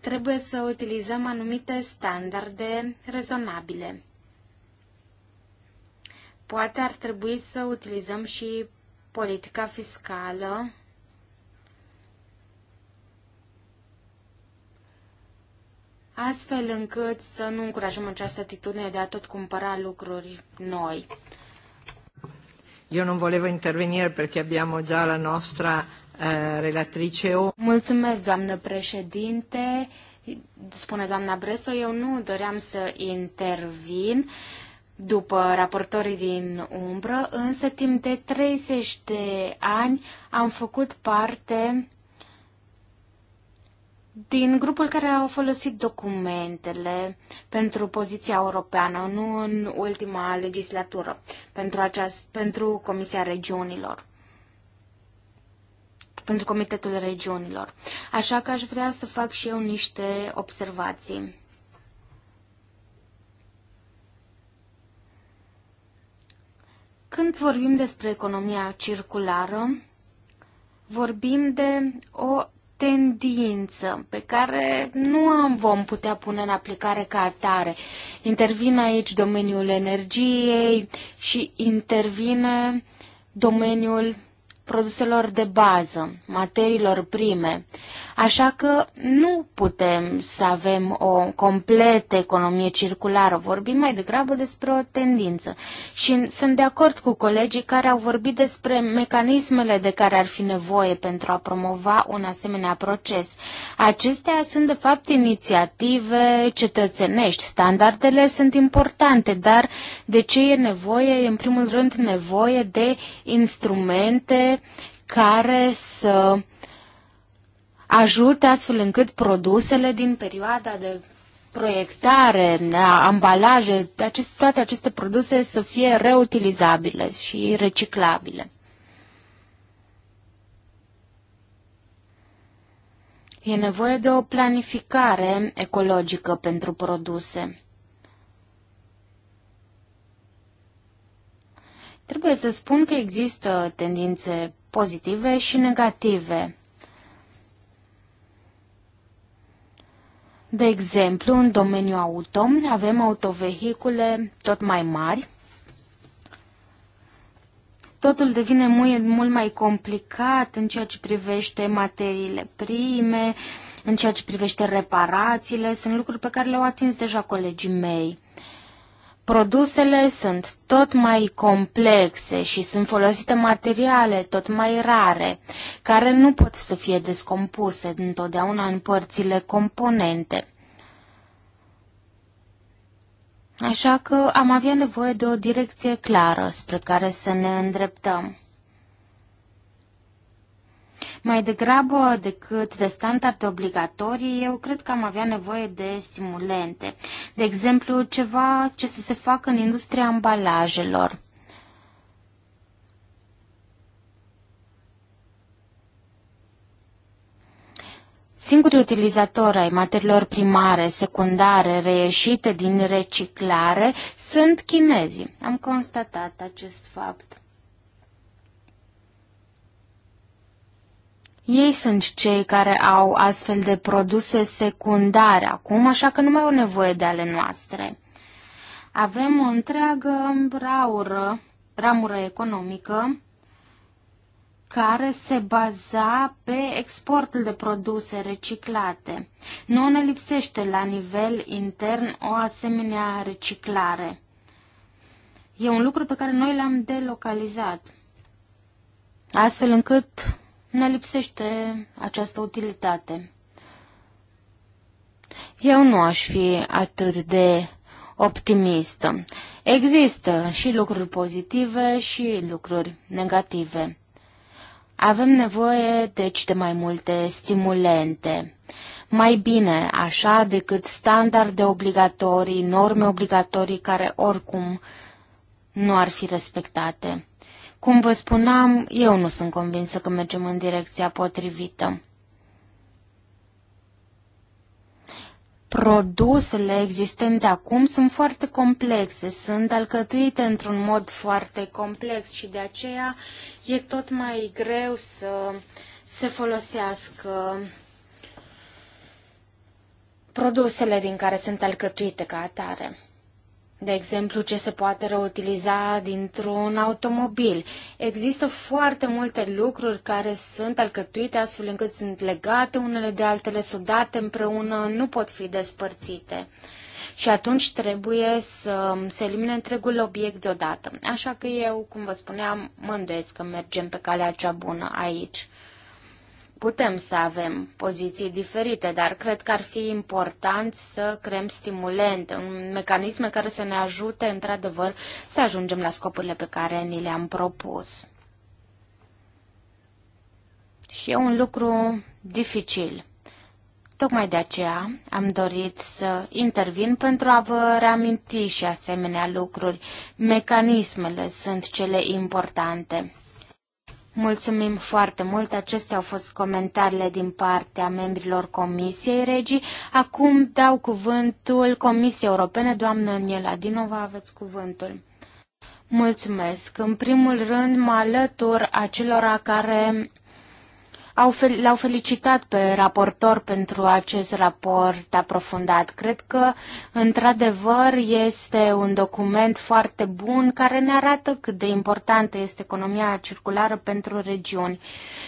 A: Trebuie să utilizăm anumite standarde rezonabile. Poate ar trebui să utilizăm și politica fiscală astfel încât să nu încurajăm această atitudine de a tot cumpăra lucruri noi. Eu nu volevo intervenire perché abbiamo già la nostra eh, relatrice Mulțumesc, doamnă președinte. Spune doamna Breso, eu nu doream să intervin după raportorii din umbră, însă timp de 30 de ani am făcut parte din grupul care au folosit documentele pentru poziția europeană, nu în ultima legislatură, pentru, aceast, pentru Comisia Regiunilor, pentru Comitetul Regiunilor. Așa că aș vrea să fac și eu niște observații. Când vorbim despre economia circulară, vorbim de o tendință pe care nu am vom putea pune în aplicare ca atare. Intervine aici domeniul energiei și intervine domeniul produselor de bază, materiilor prime. Așa că nu putem să avem o completă economie circulară, vorbim mai degrabă despre o tendință. Și sunt de acord cu colegii care au vorbit despre mecanismele de care ar fi nevoie pentru a promova un asemenea proces. Acestea sunt de fapt inițiative cetățenești. Standardele sunt importante, dar de ce e nevoie? E în primul rând nevoie de instrumente care să ajute astfel încât produsele din perioada de proiectare, ambalaje, acest, toate aceste produse să fie reutilizabile și reciclabile. E nevoie de o planificare ecologică pentru produse. Trebuie să spun că există tendințe pozitive și negative. De exemplu, în domeniul auto avem autovehicule tot mai mari. Totul devine mult mai complicat în ceea ce privește materiile prime, în ceea ce privește reparațiile. Sunt lucruri pe care le-au atins deja colegii mei. Produsele sunt tot mai complexe și sunt folosite materiale tot mai rare, care nu pot să fie descompuse întotdeauna în părțile componente. Așa că am avea nevoie de o direcție clară spre care să ne îndreptăm. Mai degrabă decât de standarde obligatorii, eu cred că am avea nevoie de stimulente. De exemplu, ceva ce să se facă în industria ambalajelor. Singurii utilizatori ai materiilor primare, secundare, reieșite din reciclare sunt chinezii. Am constatat acest fapt. Ei sunt cei care au astfel de produse secundare acum, așa că nu mai au nevoie de ale noastre. Avem o întreagă raură, ramură economică care se baza pe exportul de produse reciclate. Nu ne lipsește la nivel intern o asemenea reciclare. E un lucru pe care noi l-am delocalizat, astfel încât ne lipsește această utilitate. Eu nu aș fi atât de optimist. Există și lucruri pozitive și lucruri negative. Avem nevoie, deci, de mai multe stimulente. Mai bine așa decât standarde obligatorii, norme obligatorii care oricum nu ar fi respectate. Cum vă spuneam, eu nu sunt convinsă că mergem în direcția potrivită. Produsele existente acum sunt foarte complexe, sunt alcătuite într-un mod foarte complex și de aceea e tot mai greu să se folosească produsele din care sunt alcătuite ca atare de exemplu, ce se poate reutiliza dintr-un automobil. Există foarte multe lucruri care sunt alcătuite astfel încât sunt legate unele de altele, sudate împreună, nu pot fi despărțite. Și atunci trebuie să se elimine întregul obiect deodată. Așa că eu, cum vă spuneam, mă îndoiesc că mergem pe calea cea bună aici. Putem să avem poziții diferite, dar cred că ar fi important să creăm stimulente, un mecanism care să ne ajute, într-adevăr, să ajungem la scopurile pe care ni le-am propus. Și e un lucru dificil. Tocmai de aceea am dorit să intervin pentru a vă reaminti și asemenea lucruri. Mecanismele sunt cele importante. Mulțumim foarte mult. Acestea au fost comentariile din partea membrilor Comisiei Regii. Acum dau cuvântul Comisiei Europene. Doamnă Niela Dinova, aveți cuvântul. Mulțumesc. În primul rând, mă alătur acelora care au fel, l-au felicitat pe raportor pentru acest raport aprofundat. Cred că, într-adevăr, este un document foarte bun care ne arată cât de importantă este economia circulară pentru regiuni.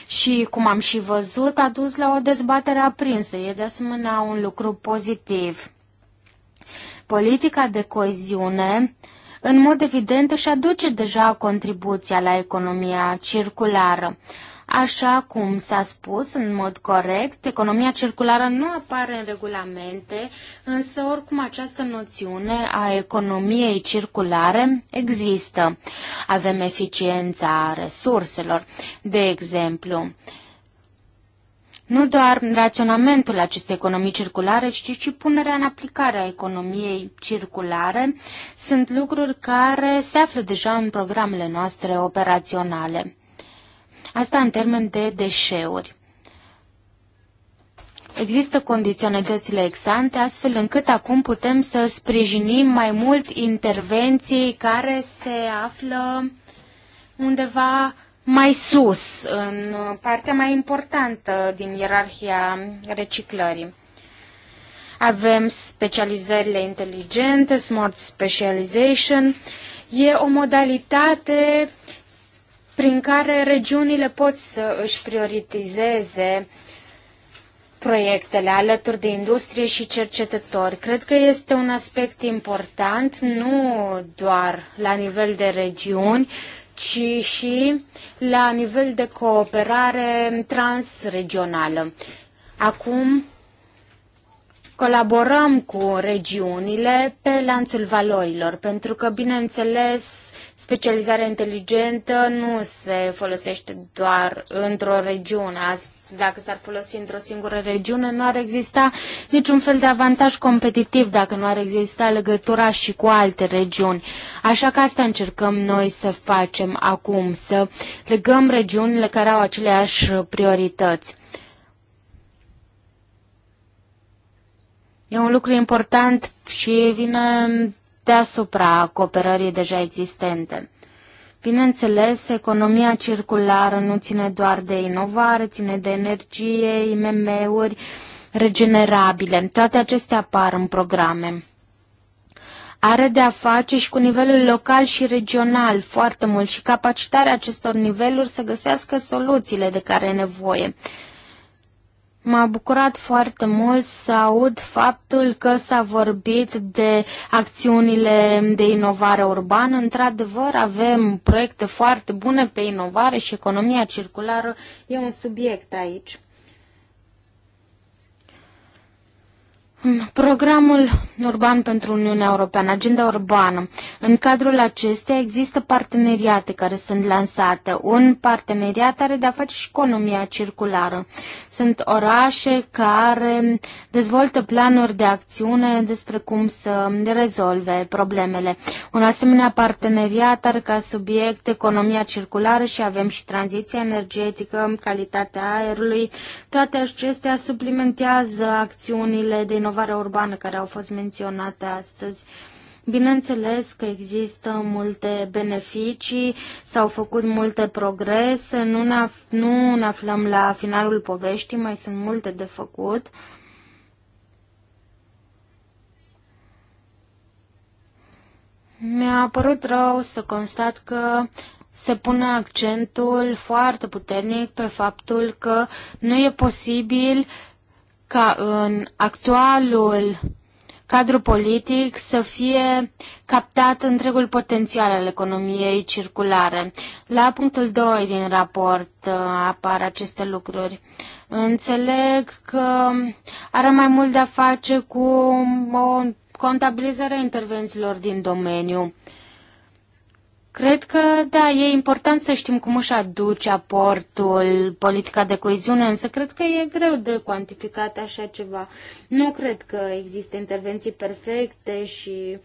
A: Și, cum am și văzut, a dus la o dezbatere aprinsă. E, de asemenea, un lucru pozitiv. Politica de coeziune în mod evident își aduce deja contribuția la economia circulară. Așa cum s-a spus în mod corect, economia circulară nu apare în regulamente, însă oricum această noțiune a economiei circulare există. Avem eficiența resurselor, de exemplu. Nu doar raționamentul acestei economii circulare, ci și punerea în aplicare a economiei circulare sunt lucruri care se află deja în programele noastre operaționale. Asta în termen de deșeuri. Există condiționalitățile exante, astfel încât acum putem să sprijinim mai mult intervenții care se află undeva mai sus, în partea mai importantă din ierarhia reciclării. Avem specializările inteligente, smart specialization. E o modalitate prin care regiunile pot să își prioritizeze proiectele alături de industrie și cercetători. Cred că este un aspect important, nu doar la nivel de regiuni, ci și la nivel de cooperare transregională. Acum Colaborăm cu regiunile pe lanțul valorilor, pentru că, bineînțeles, specializarea inteligentă nu se folosește doar într-o regiune. Dacă s-ar folosi într-o singură regiune, nu ar exista niciun fel de avantaj competitiv dacă nu ar exista legătura și cu alte regiuni. Așa că asta încercăm noi să facem acum, să legăm regiunile care au aceleași priorități. E un lucru important și vine deasupra cooperării deja existente. Bineînțeles, economia circulară nu ține doar de inovare, ține de energie, IMM-uri regenerabile. Toate acestea apar în programe. Are de a face și cu nivelul local și regional foarte mult și capacitarea acestor niveluri să găsească soluțiile de care e nevoie M-a bucurat foarte mult să aud faptul că s-a vorbit de acțiunile de inovare urbană. Într-adevăr, avem proiecte foarte bune pe inovare și economia circulară e un subiect aici. Programul urban pentru Uniunea Europeană, agenda urbană. În cadrul acesteia există parteneriate care sunt lansate. Un parteneriat are de-a face și economia circulară. Sunt orașe care dezvoltă planuri de acțiune despre cum să rezolve problemele. Un asemenea parteneriat are ca subiect economia circulară și avem și tranziția energetică, calitatea aerului. Toate acestea suplimentează acțiunile din renovare urbană care au fost menționate astăzi. Bineînțeles că există multe beneficii, s-au făcut multe progrese, nu ne, af- nu ne aflăm la finalul poveștii, mai sunt multe de făcut. Mi-a părut rău să constat că se pune accentul foarte puternic pe faptul că nu e posibil ca în actualul cadru politic să fie captat întregul potențial al economiei circulare. La punctul 2 din raport uh, apar aceste lucruri. Înțeleg că are mai mult de a face cu o contabilizare a intervențiilor din domeniu. Cred că, da, e important să știm cum își aduce aportul politica de coeziune, însă cred că e greu de cuantificat așa ceva. Nu cred că există intervenții perfecte și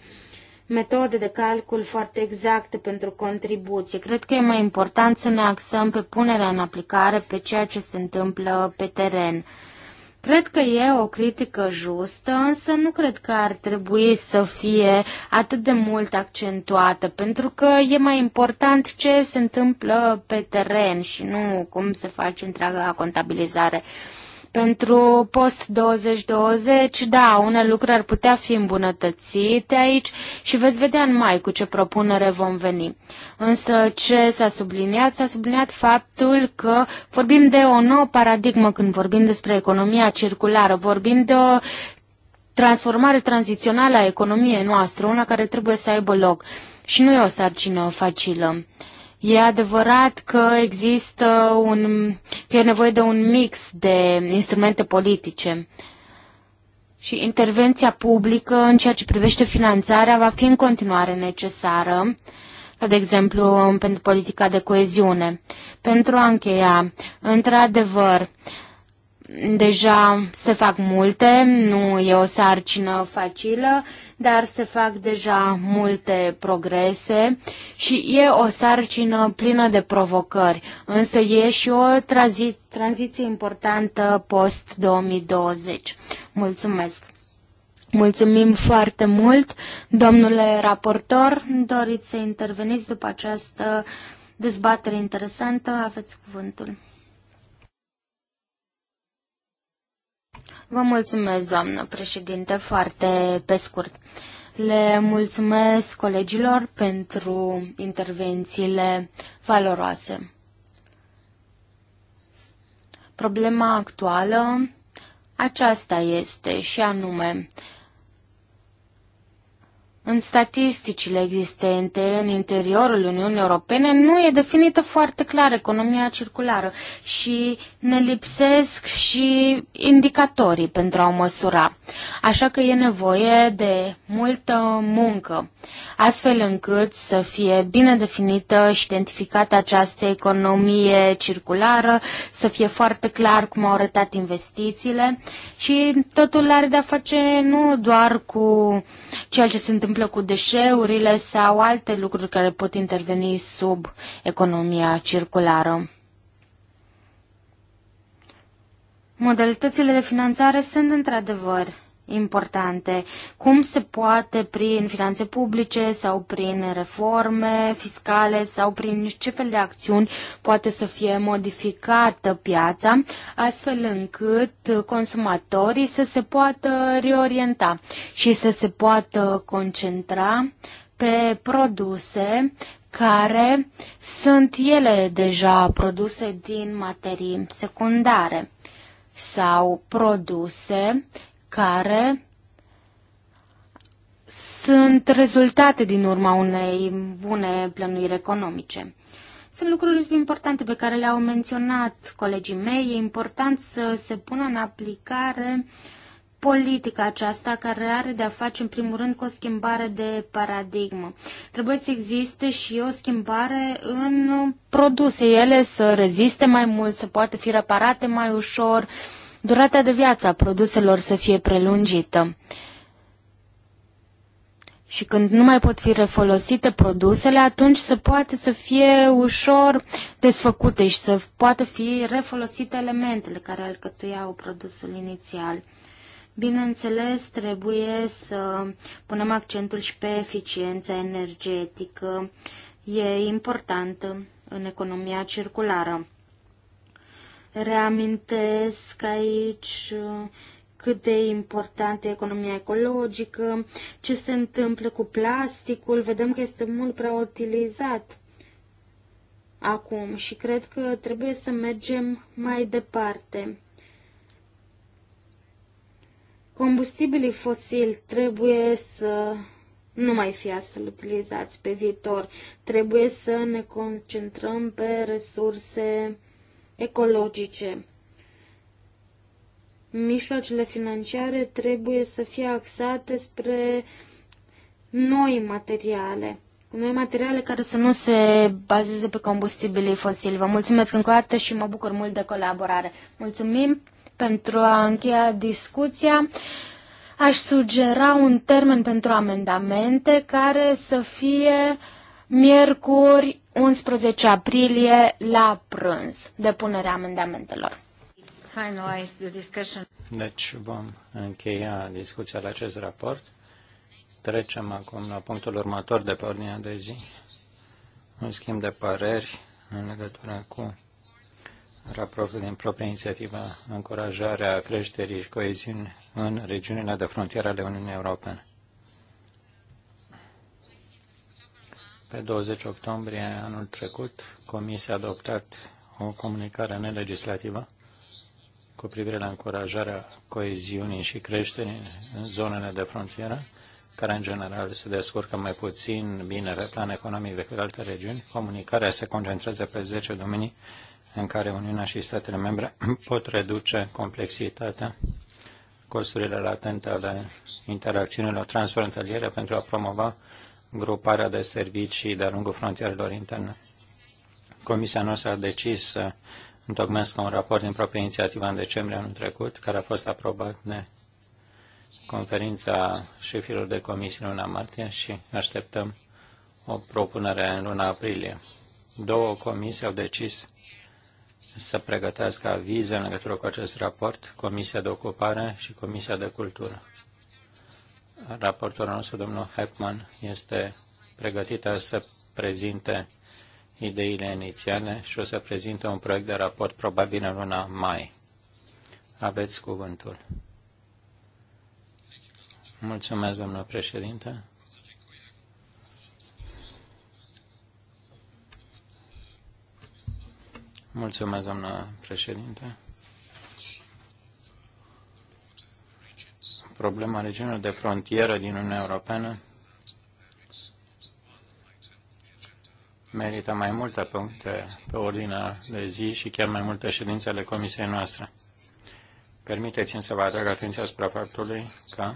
A: metode de calcul foarte exacte pentru contribuție. Cred că e mai important să ne axăm pe punerea în aplicare, pe ceea ce se întâmplă pe teren. Cred că e o critică justă, însă nu cred că ar trebui să fie atât de mult accentuată, pentru că e mai important ce se întâmplă pe teren și nu cum se face întreaga contabilizare. Uh, pentru post-2020, da, unele lucruri ar putea fi îmbunătățite aici și veți vedea în mai cu ce propunere vom veni. Însă ce s-a subliniat? S-a subliniat faptul că vorbim de o nouă paradigmă când vorbim despre economia circulară, vorbim de o transformare tranzițională a economiei noastre, una care trebuie să aibă loc. Și nu e o sarcină facilă. E adevărat că există un, că e nevoie de un mix de instrumente politice și intervenția publică în ceea ce privește finanțarea va fi în continuare necesară, de exemplu pentru politica de coeziune. Pentru a încheia, într-adevăr, deja se fac multe, nu e o sarcină facilă, dar se fac deja multe progrese și e o sarcină plină de provocări, însă e și o trazi- tranziție importantă post-2020. Mulțumesc! Mulțumim foarte mult, domnule raportor. Doriți să interveniți după această dezbatere interesantă? Aveți cuvântul. Vă mulțumesc, doamnă președinte, foarte pe scurt. Le mulțumesc colegilor pentru intervențiile valoroase. Problema actuală aceasta este și anume în statisticile existente în interiorul Uniunii Europene nu e definită foarte clar economia circulară și ne lipsesc și indicatorii pentru a o măsura. Așa că e nevoie de multă muncă, astfel încât să fie bine definită și identificată această economie circulară, să fie foarte clar cum au arătat investițiile și totul are de-a face nu doar cu ceea ce se întâmplă întâmplă cu deșeurile sau alte lucruri care pot interveni sub economia circulară. Modalitățile de finanțare sunt într-adevăr importante. Cum se poate prin finanțe publice sau prin reforme fiscale sau prin ce fel de acțiuni poate să fie modificată piața, astfel încât consumatorii să se poată reorienta și să se poată concentra pe produse care sunt ele deja produse din materii secundare sau produse care sunt rezultate din urma unei bune plănuiri economice. Sunt lucruri importante pe care le-au menționat colegii mei. E important să se pună în aplicare politica aceasta care are de-a face în primul rând cu o schimbare de paradigmă. Trebuie să existe și o schimbare în produse. Ele să reziste mai mult, să poată fi reparate mai ușor, uh, durata de viață a produselor să fie prelungită. Și când nu mai pot fi refolosite produsele, atunci să poate să fie ușor desfăcute și să poată fi refolosite elementele care alcătuiau produsul inițial. Bineînțeles, trebuie să punem accentul și pe eficiența energetică. E importantă în economia circulară. Reamintesc aici uh, cât de importantă e economia ecologică, ce se întâmplă cu plasticul, vedem că este mult prea utilizat acum și cred că trebuie să mergem mai departe. Combustibilii fosili trebuie să nu mai fie astfel utilizați pe viitor. Trebuie să ne concentrăm pe resurse ecologice. Mijloacele financiare trebuie să fie axate spre noi materiale, noi materiale care să nu se bazeze pe combustibilii fosili. Vă mulțumesc încă o dată și mă bucur mult de colaborare. Mulțumim pentru a încheia discuția. Aș sugera un termen pentru amendamente care să fie miercuri 11 aprilie la prânz, depunerea amendamentelor.
B: Deci vom încheia discuția la acest raport. Trecem acum la punctul următor de pe ordinea de zi. Un schimb de păreri în legătură cu raportul din propria inițiativă încurajarea creșterii și coeziunii în regiunile de frontieră ale Uniunii Europene. Pe 20 octombrie anul trecut, Comisia a adoptat o comunicare nelegislativă cu privire la încurajarea coeziunii și creșterii în zonele de frontieră, care în general se descurcă mai puțin bine pe plan economic decât alte regiuni. Comunicarea se concentrează pe 10 domenii în care Uniunea și statele membre pot reduce complexitatea, costurile latente ale interacțiunilor transfrontaliere pentru a promova gruparea de servicii de-a lungul frontierelor interne. Comisia noastră a decis să întocmească un raport din proprie inițiativă în decembrie anul trecut, care a fost aprobat de conferința șefilor de comisii luna martie și așteptăm o propunere în luna aprilie. Două comisii au decis să pregătească avize în legătură cu acest raport, Comisia de Ocupare și Comisia de Cultură raportorul nostru, domnul Heckman, este pregătită să prezinte ideile inițiale și o să prezinte un proiect de raport probabil în luna mai. Aveți cuvântul. Mulțumesc, domnule președinte. Mulțumesc, domnul președinte. problema regiunilor de frontieră din Uniunea Europeană merită mai multe puncte pe ordinea de zi și chiar mai multe ședințe ale comisiei noastre. Permiteți-mi să vă atrag atenția asupra faptului că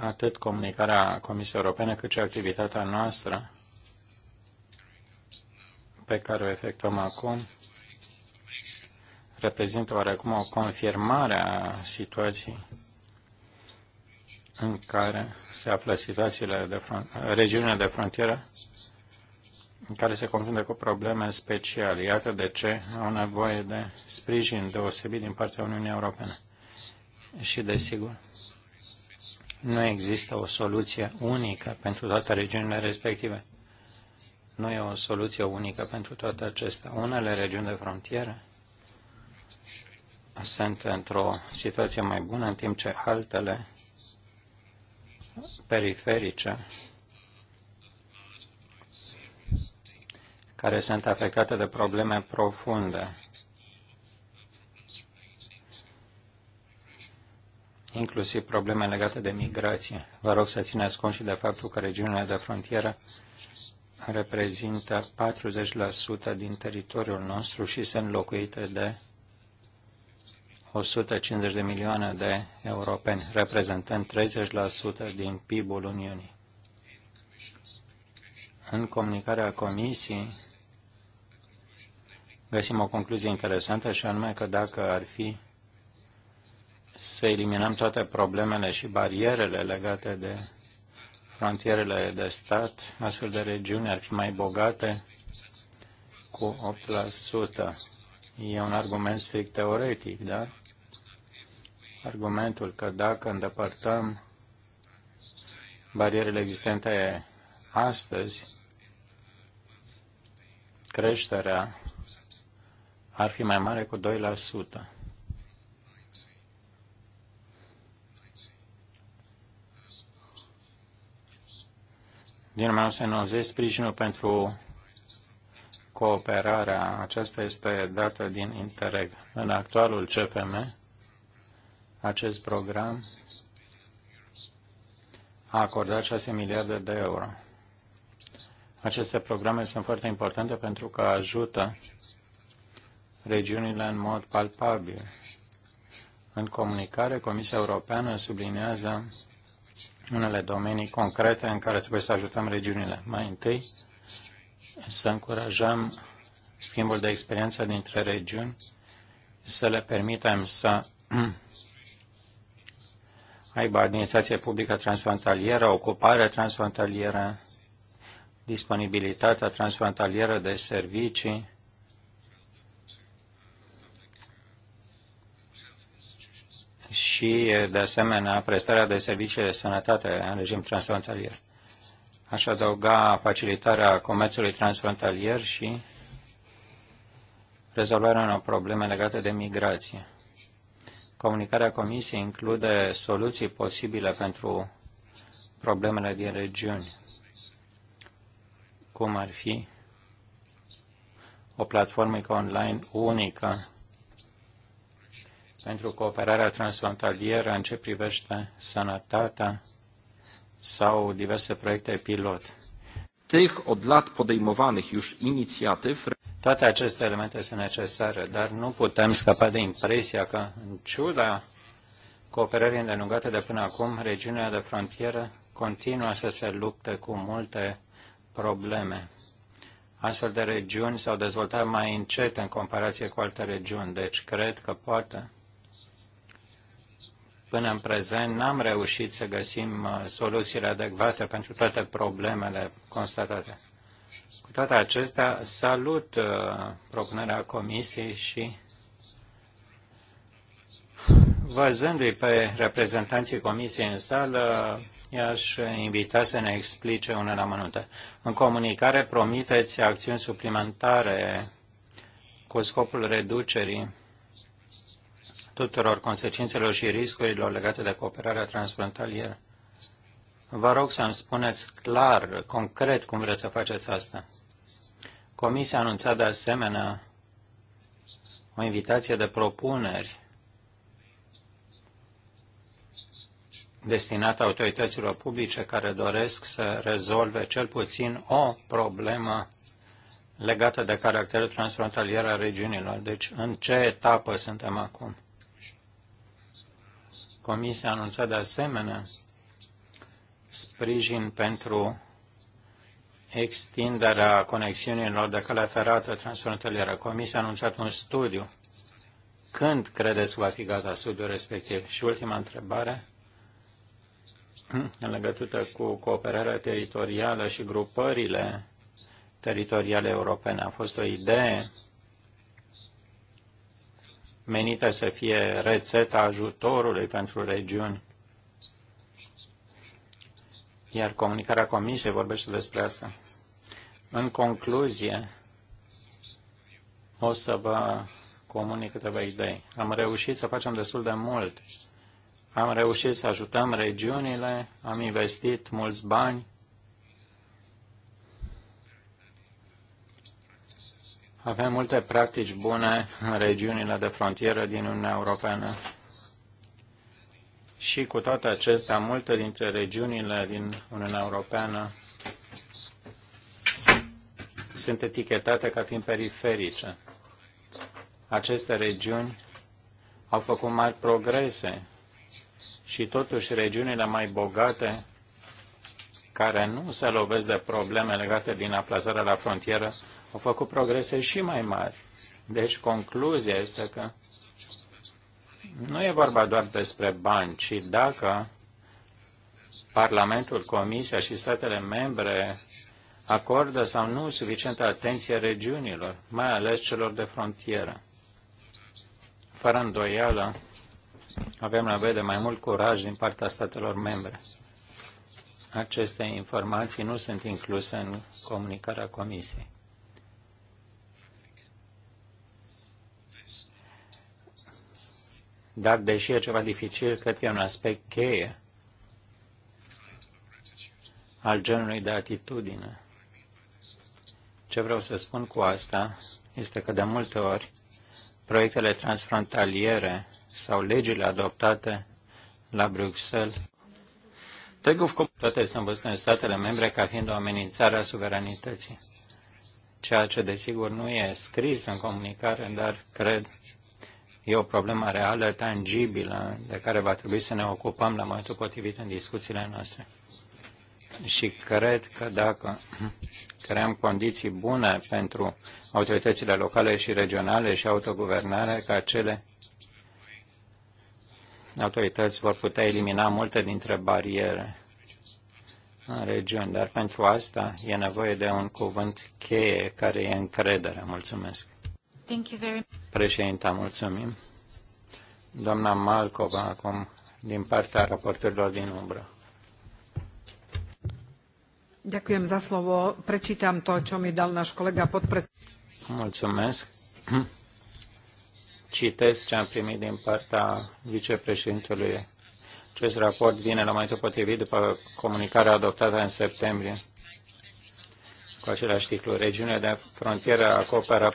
B: atât comunicarea Comisiei Europene cât și activitatea noastră pe care o efectuăm acum reprezintă oarecum o confirmare a situației în care se află situațiile de regiunea de frontieră în care se confruntă cu probleme speciale. Iată de ce au nevoie de sprijin deosebit din partea Uniunii Europene. Și, desigur, nu există o soluție unică pentru toate regiunile respective. Nu e o soluție unică pentru toate acestea. Unele regiuni de frontieră sunt într-o situație mai bună, în timp ce altele periferice care sunt afectate de probleme profunde, inclusiv probleme legate de migrație. Vă rog să țineți cont și de faptul că regiunile de frontieră reprezintă 40% din teritoriul nostru și sunt locuite de 150 de milioane de europeni, reprezentând 30% din PIB-ul Uniunii. În comunicarea Comisiei găsim o concluzie interesantă și anume că dacă ar fi să eliminăm toate problemele și barierele legate de frontierele de stat, astfel de regiuni ar fi mai bogate cu E un argument strict teoretic, dar argumentul că dacă îndepărtăm barierele existente astăzi, creșterea ar fi mai mare cu 2%. Din 1990, sprijinul pentru cooperarea. Aceasta este dată din Interreg. În actualul CFM, acest program a acordat 6 miliarde de euro. Aceste programe sunt foarte importante pentru că ajută regiunile în mod palpabil. În comunicare, Comisia Europeană sublinează unele domenii concrete în care trebuie să ajutăm regiunile. Mai întâi, să încurajăm schimbul de experiență dintre regiuni, să le permitem să aibă administrație publică transfrontalieră, ocupare transfrontalieră, disponibilitatea transfrontalieră de servicii, și, de asemenea, prestarea de servicii de sănătate în regim transfrontalier. Aș adăuga facilitarea comerțului transfrontalier și rezolvarea unor probleme legate de migrație. Comunicarea Comisiei include soluții posibile pentru problemele din regiuni, cum ar fi o platformă online unică pentru cooperarea transfrontalieră în ce privește sănătatea, sau diverse proiecte pilot. Tych od lat podejmowanych już inicjatyw toate aceste elemente sunt necesare, dar nu putem scăpa de impresia că, în ciuda cooperării îndelungate de până acum, regiunea de frontieră continuă să se lupte cu multe probleme. Astfel de regiuni s-au dezvoltat mai încet în comparație cu alte regiuni, deci cred că poate Până în prezent n-am reușit să găsim uh, soluțiile adecvate pentru toate problemele constatate. Cu toate acestea, salut uh, propunerea Comisiei și văzându-i pe reprezentanții Comisiei în sală, i-aș invita să ne explice unele mânută. În comunicare promiteți acțiuni suplimentare cu scopul reducerii tuturor consecințelor și riscurilor legate de cooperarea transfrontalieră. Vă rog să-mi spuneți clar, concret, cum vreți să faceți asta. Comisia a anunțat de asemenea o invitație de propuneri destinată autorităților publice care doresc să rezolve cel puțin o problemă legată de caracterul transfrontalier al regiunilor. Deci, în ce etapă suntem acum? Comisia a anunțat de asemenea sprijin pentru extinderea conexiunilor de cale ferată transfrontalieră. Comisia a anunțat un studiu. Când credeți că va fi gata studiul respectiv? Și ultima întrebare, în legătură cu cooperarea teritorială și grupările teritoriale europene. A fost o idee menită să fie rețeta ajutorului pentru regiuni. Iar comunicarea Comisiei vorbește despre asta. În concluzie, o să vă comunic câteva idei. Am reușit să facem destul de mult. Am reușit să ajutăm regiunile, am investit mulți bani Avem multe practici bune în regiunile de frontieră din Uniunea Europeană. Și cu toate acestea, multe dintre regiunile din Uniunea Europeană sunt etichetate ca fiind periferice. Aceste regiuni au făcut mari progrese și totuși regiunile mai bogate care nu se lovesc de probleme legate din aplazarea la frontieră au făcut progrese și mai mari. Deci concluzia este că nu e vorba doar despre bani, ci dacă Parlamentul, Comisia și statele membre acordă sau nu suficientă atenție regiunilor, mai ales celor de frontieră. Fără îndoială, avem nevoie de mai mult curaj din partea statelor membre. Aceste informații nu sunt incluse în comunicarea Comisiei. Dar, deși e ceva dificil, cred că e un aspect cheie al genului de atitudine. Ce vreau să spun cu asta este că, de multe ori, proiectele transfrontaliere sau legile adoptate la Bruxelles toate sunt văzute în statele membre ca fiind o amenințare a suveranității, ceea ce desigur nu e scris în comunicare, dar cred E o problemă reală, tangibilă, de care va trebui să ne ocupăm la momentul potrivit în discuțiile noastre. Și cred că dacă creăm condiții bune pentru autoritățile locale și regionale și autoguvernare, ca acele autorități vor putea elimina multe dintre bariere în regiuni, dar pentru asta e nevoie de un cuvânt cheie care e încredere, Mulțumesc.
A: Thank
B: mulțumim. Doamna Malcova, acum, din partea raportorilor din umbră.
A: Ďakujem za slovo. Prečítam to, čo mi dal náš kolega podpredsedník.
B: Mulțumesc. Citesc ce am primit din partea vicepreședintelui. Acest raport vine la momentul potrivit după comunicarea adoptată în septembrie cu același titlu. Regiunea de frontieră acoperă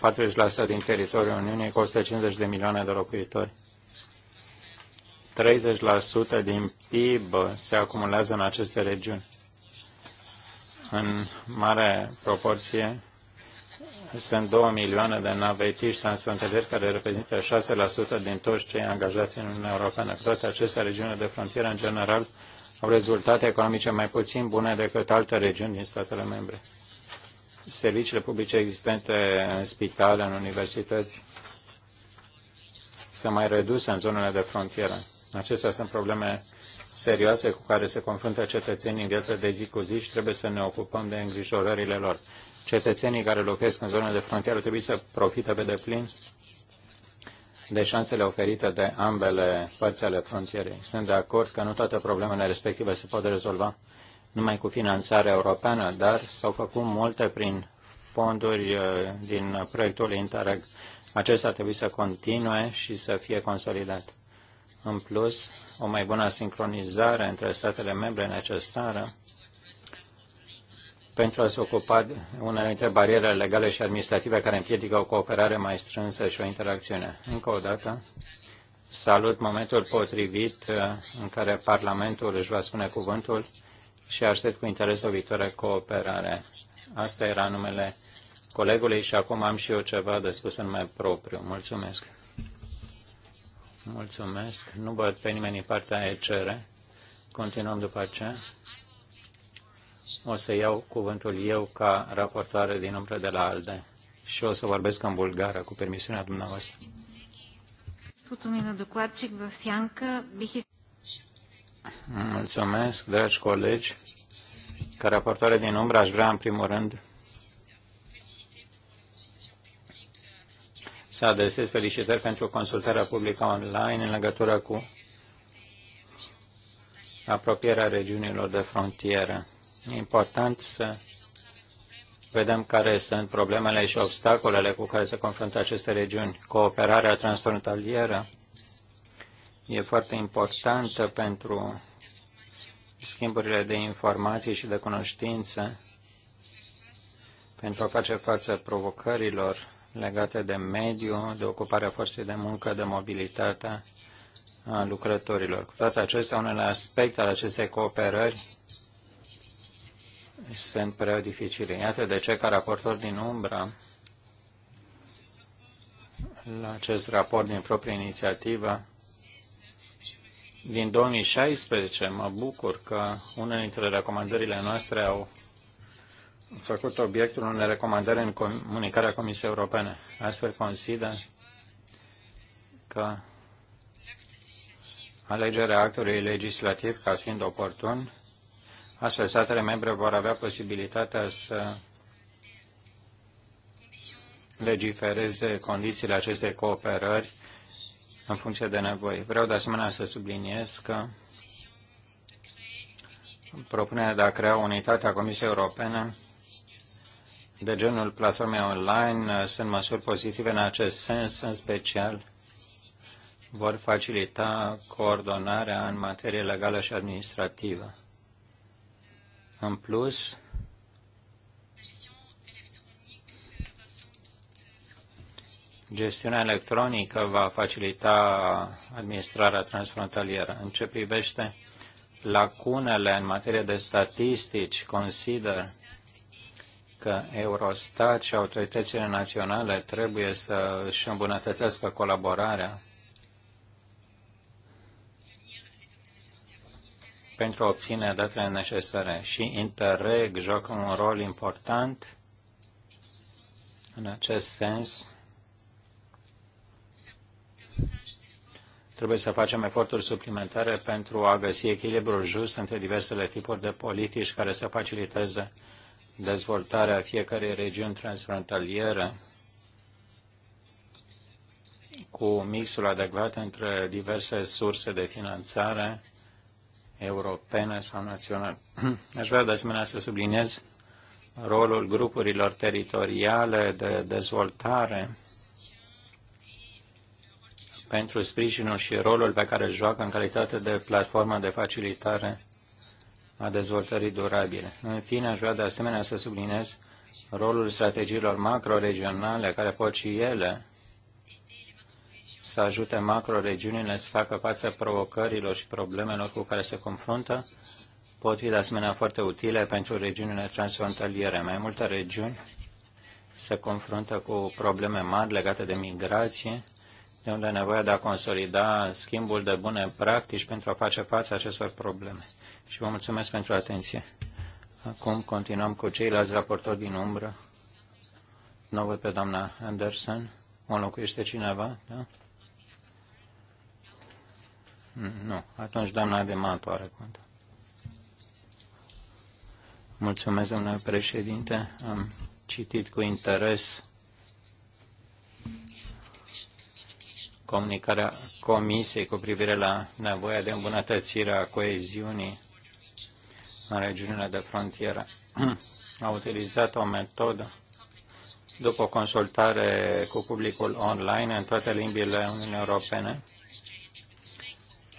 B: 40% din teritoriul Uniunii cu 150 de milioane de locuitori. 30% din PIB se acumulează în aceste regiuni. În mare proporție sunt 2 milioane de navetiști transfrontalieri care reprezintă 6% din toți cei angajați în Uniunea Europeană. toate aceste regiuni de frontieră, în general, au rezultate economice mai puțin bune decât alte regiuni din statele membre serviciile publice existente în spitale, în universități, sunt mai reduse în zonele de frontieră. Acestea sunt probleme serioase cu care se confruntă cetățenii în viața de zi cu zi și trebuie să ne ocupăm de îngrijorările lor. Cetățenii care locuiesc în zonele de frontieră trebuie să profite pe deplin de șansele oferite de ambele părți ale frontierei. Sunt de acord că nu toate problemele respective se pot rezolva numai cu finanțare europeană, dar s-au făcut multe prin fonduri uh, din proiectul Interreg. Acesta trebuie să continue și să fie consolidat. În plus, o mai bună sincronizare între statele membre necesară pentru a se ocupa de unele dintre barierele legale și administrative care împiedică o cooperare mai strânsă și o interacțiune. Încă o dată, salut momentul potrivit uh, în care Parlamentul își va spune cuvântul și aștept cu interes o viitoare cooperare. Asta era numele colegului și acum am și eu ceva de spus în mai propriu. Mulțumesc! Mulțumesc! Nu văd pe nimeni în partea ECR. Continuăm după aceea. O să iau cuvântul eu ca raportoare din umbră de la ALDE și o să vorbesc în bulgară, cu permisiunea dumneavoastră.
A: Statutul meu de докладчик
B: Mulțumesc, dragi colegi. Ca raportoare din umbră aș vrea, în primul rând, să adresez felicitări pentru consultarea publică online în legătură cu apropierea regiunilor de frontieră. E important să vedem care sunt problemele și obstacolele cu care se confruntă aceste regiuni. Cooperarea transfrontalieră e foarte importantă pentru schimburile de informații și de cunoștință pentru a face față provocărilor legate de mediu, de ocuparea forței de muncă, de mobilitatea a lucrătorilor. Cu toate acestea, unele aspecte ale acestei cooperări sunt prea dificile. Iată de ce, ca raportor din umbră, la acest raport din proprie inițiativă, din 2016. Mă bucur că unele dintre recomandările noastre au făcut obiectul unei recomandări în comunicarea Comisiei Europene. Astfel consider că alegerea actului legislativ ca fiind oportun, astfel statele membre vor avea posibilitatea să legifereze condițiile acestei cooperări în funcție de nevoi. Vreau de asemenea să subliniez că propunerea de a crea unitatea Comisiei Europene de genul platformei online uh, sunt măsuri pozitive în acest sens, în special vor facilita coordonarea în materie legală și administrativă. În plus, Gestiunea electronică va facilita administrarea transfrontalieră. În ce privește lacunele în materie de statistici, consider că Eurostat și autoritățile naționale trebuie să își îmbunătățească colaborarea pentru a obține datele necesare și Interreg joacă un rol important în acest sens Trebuie să facem eforturi suplimentare pentru a găsi echilibrul just între diversele tipuri de politici care să faciliteze dezvoltarea fiecarei regiuni transfrontaliere cu mixul adecvat între diverse surse de finanțare europene sau naționale. Aș vrea de asemenea să subliniez rolul grupurilor teritoriale de dezvoltare pentru sprijinul și rolul pe care îl joacă în calitate de platformă de facilitare a dezvoltării durabile. În fine, aș vrea de asemenea să subliniez rolul strategiilor macro-regionale, care pot și ele să ajute macroregiunile să facă față provocărilor și problemelor cu care se confruntă, pot fi de asemenea foarte utile pentru regiunile transfrontaliere. Mai multe regiuni se confruntă cu probleme mari legate de migrație, de unde e nevoie de a consolida schimbul de bune practici pentru a face față acestor probleme. Și vă mulțumesc pentru atenție. Acum continuăm cu ceilalți raportori din umbră. Nu văd pe doamna Anderson. O înlocuiește cineva? Da? Nu. Atunci doamna de Mantu are cont. Mulțumesc, domnule președinte. Am citit cu interes comunicarea Comisiei cu privire la nevoia de îmbunătățire a coeziunii în regiunile de frontieră. A utilizat o metodă după consultare cu publicul online în toate limbile Uniunii Europene.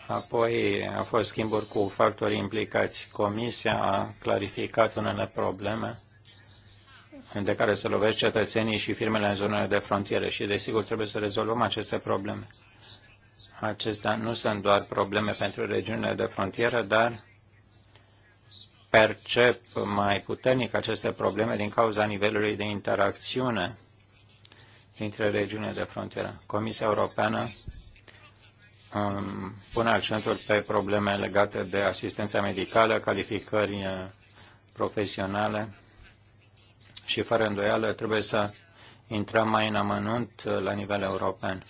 B: Apoi a fost schimburi cu factorii implicați. Comisia a clarificat unele probleme de care se lovesc cetățenii și firmele în zonele de frontiere și, desigur, trebuie să rezolvăm aceste probleme. Acestea nu sunt doar probleme pentru regiunile de frontieră, dar percep mai puternic aceste probleme din cauza nivelului de interacțiune dintre regiunile de frontieră. Comisia Europeană um, pune accentul pe probleme legate de asistența medicală, calificări uh, profesionale, și fără îndoială trebuie să intrăm mai în amănunt uh, la nivel european.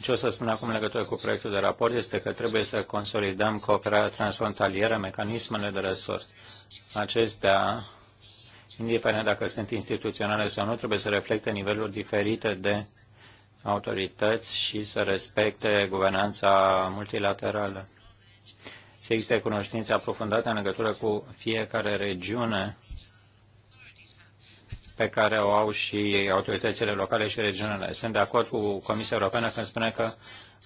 B: Ce o să spun acum legătură cu proiectul de raport este că trebuie să consolidăm cooperarea transfrontalieră, mecanismele de resort. Acestea, indiferent dacă sunt instituționale sau nu, trebuie să reflecte niveluri diferite de autorități și să respecte guvernanța multilaterală. Se există cunoștințe aprofundate în legătură cu fiecare regiune pe care o au și autoritățile locale și regionale. Sunt de acord cu Comisia Europeană când spune că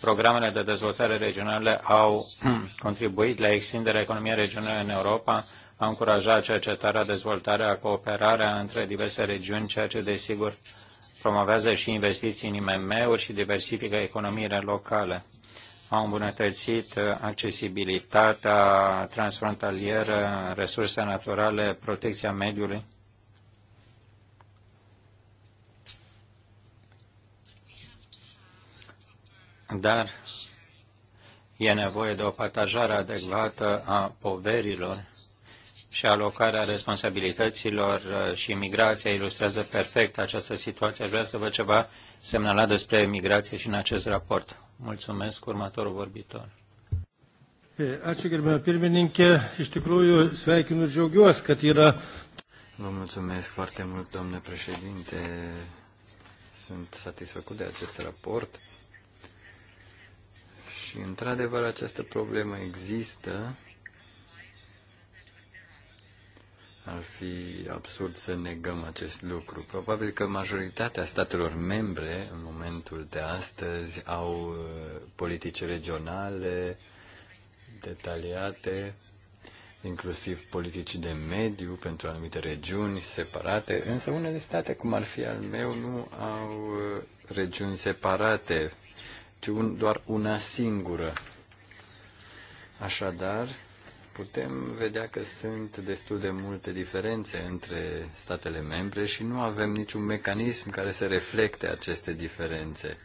B: programele de dezvoltare regionale au contribuit la extinderea economiei regionale în Europa, a încurajat cercetarea, dezvoltarea, cooperarea între diverse regiuni, ceea ce, desigur, promovează și investiții în IMM-uri și diversifică economiile locale. Au îmbunătățit accesibilitatea transfrontalieră, resurse naturale, protecția mediului dar e nevoie de o partajare adecvată a poverilor și alocarea responsabilităților uh, și migrația ilustrează perfect această situație. Aș vrea să văd ceva semnalat despre migrație și în acest raport. Mulțumesc, următorul vorbitor. Ačiū, gerbėme pirmininkė. Iš tikrųjų, sveikinu
A: ir džiaugiuosi, kad yra.
C: Vă mulțumesc foarte mult, domnule președinte. Sunt satisfăcut de acest raport. Și, într-adevăr, această problemă există. Ar fi absurd să negăm acest lucru. Probabil că majoritatea statelor membre, în momentul de astăzi, au uh, politici regionale detaliate, inclusiv politici de mediu pentru anumite regiuni separate, însă unele state, cum ar fi al meu, nu au uh, regiuni separate ci un, doar una singură. Așadar, putem vedea că sunt destul de multe diferențe între statele membre și nu avem niciun mecanism care să reflecte aceste diferențe.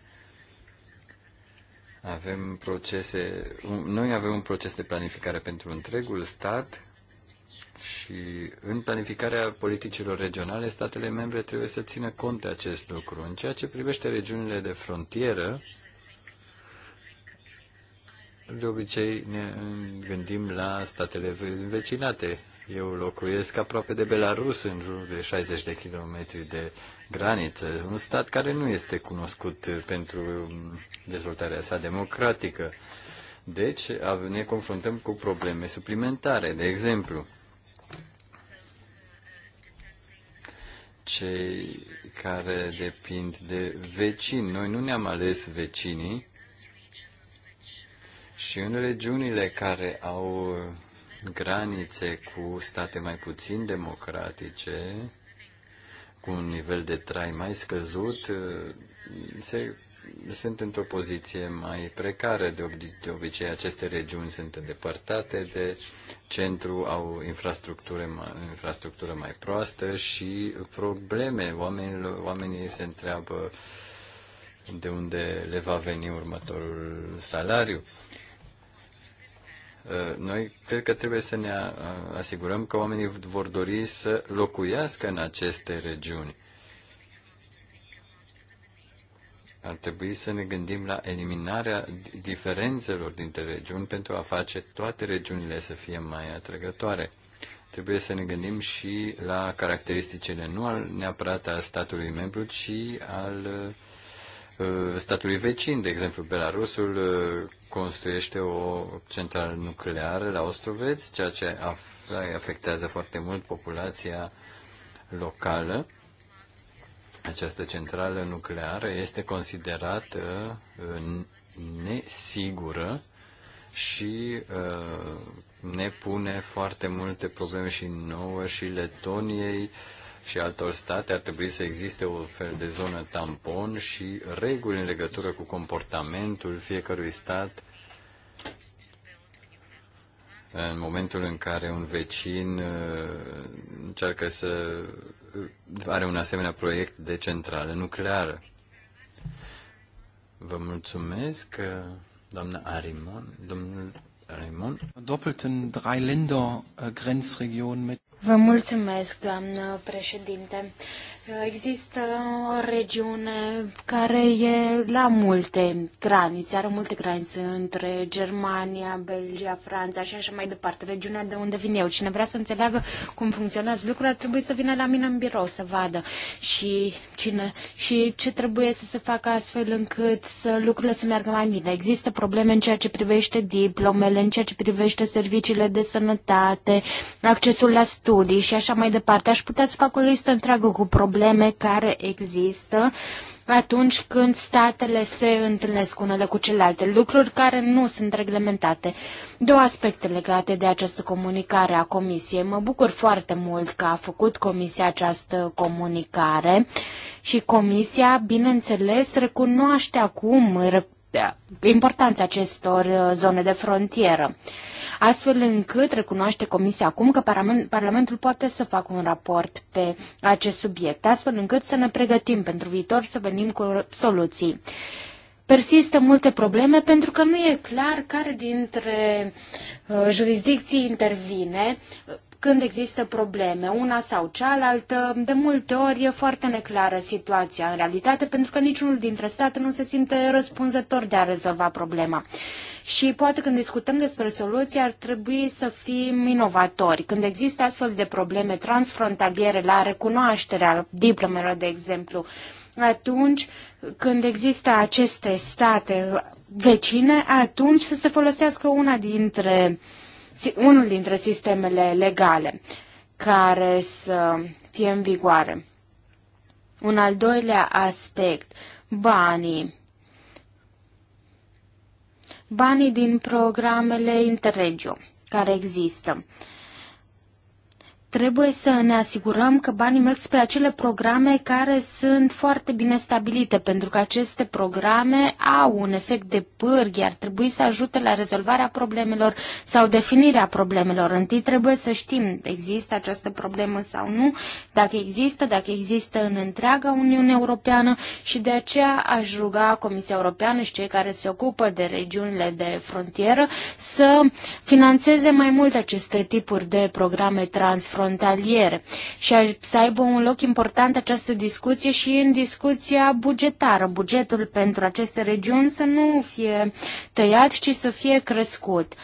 C: Avem procese, noi avem un proces de planificare pentru întregul stat și în planificarea politicilor regionale, statele membre trebuie să țină cont de acest lucru. În ceea ce privește regiunile de frontieră, de obicei ne gândim la statele învecinate. Eu locuiesc aproape de Belarus, în jur de 60 de kilometri de graniță, un stat care nu este cunoscut pentru dezvoltarea sa democratică. Deci ne confruntăm cu probleme suplimentare. De exemplu, cei care depind de vecini. Noi nu ne-am ales vecinii, și în regiunile care au granițe cu state mai puțin democratice, cu un nivel de trai mai scăzut, se, sunt într-o poziție mai precară. De, obi- de obicei, aceste regiuni sunt îndepărtate de centru, au infrastructură, infrastructură mai proastă și probleme. Oamenilor, oamenii se întreabă de unde le va veni următorul salariu. Uh, noi cred că trebuie să ne uh, asigurăm că oamenii vor dori să locuiască în aceste regiuni. Ar trebui să ne gândim la eliminarea diferențelor dintre regiuni pentru a face toate regiunile să fie mai atrăgătoare. Trebuie să ne gândim și la caracteristicile nu al neapărat al statului membru, ci al uh, Uh, statului vecin, de exemplu, Belarusul uh, construiește o centrală nucleară la Ostroveț, ceea ce afectează foarte mult populația locală. Această centrală nucleară este considerată uh, nesigură și ne pune foarte multe probleme și nouă și Letoniei, uh, și altor state ar trebui să existe o fel de zonă tampon și reguli în legătură cu comportamentul fiecărui stat în momentul în care un vecin uh, încearcă să uh, are un asemenea proiect de centrală nucleară. Vă mulțumesc, uh, doamna Arimon, domnul Arimon. Doppelten drei Länder äh, Grenzregion mit Vă
A: mulțumesc, doamnă președinte. Există o regiune care e la multe granițe, are multe granițe între Germania, Belgia, Franța și așa mai departe, regiunea de unde vin eu. Cine vrea să înțeleagă cum funcționează lucrurile, ar trebui să vină la mine în birou să vadă și, cine, și ce trebuie să se facă astfel încât să lucrurile să meargă mai bine. Există probleme în ceea ce privește diplomele, în ceea ce privește serviciile de sănătate, accesul la studii și așa mai departe. Aș putea să fac o listă întreagă cu probleme probleme care există atunci când statele se întâlnesc unele cu celelalte, lucruri care nu sunt reglementate. Două aspecte legate de această comunicare a Comisiei. Mă bucur foarte mult că a făcut Comisia această comunicare și Comisia, bineînțeles, recunoaște acum importanța acestor uh, zone de frontieră, astfel încât recunoaște Comisia acum că Parlamentul poate să facă un raport pe acest subiect, astfel încât să ne pregătim pentru viitor să venim cu soluții. Persistă multe probleme pentru că nu e clar care dintre uh, jurisdicții intervine când există probleme, una sau cealaltă, de multe ori e foarte neclară situația în realitate, pentru că niciunul dintre state nu se simte răspunzător de a rezolva problema. Și poate când discutăm despre soluții ar trebui să fim inovatori. Când există astfel de probleme transfrontaliere la recunoașterea diplomelor, de exemplu, atunci când există aceste state vecine, atunci să se folosească una dintre uh, unul dintre sistemele legale care să fie în vigoare. Un al doilea aspect, banii. Banii din programele Interregio care există. Uh, Trebuie să ne asigurăm că banii merg spre acele programe care sunt foarte bine stabilite, pentru că aceste programe au un efect de pârghi, ar trebui să ajute la rezolvarea problemelor sau definirea problemelor. Întâi trebuie să știm există această problemă sau nu, dacă există, dacă există în întreaga Uniune Europeană și de aceea aș ruga Comisia Europeană și cei care se ocupă de regiunile de frontieră să financeze mai mult aceste tipuri de programe transfrontaliere transfrontalier și să aibă un loc important această discuție și în discuția bugetară. Bugetul pentru aceste regiuni să nu fie tăiat, ci să fie crescut. Uh,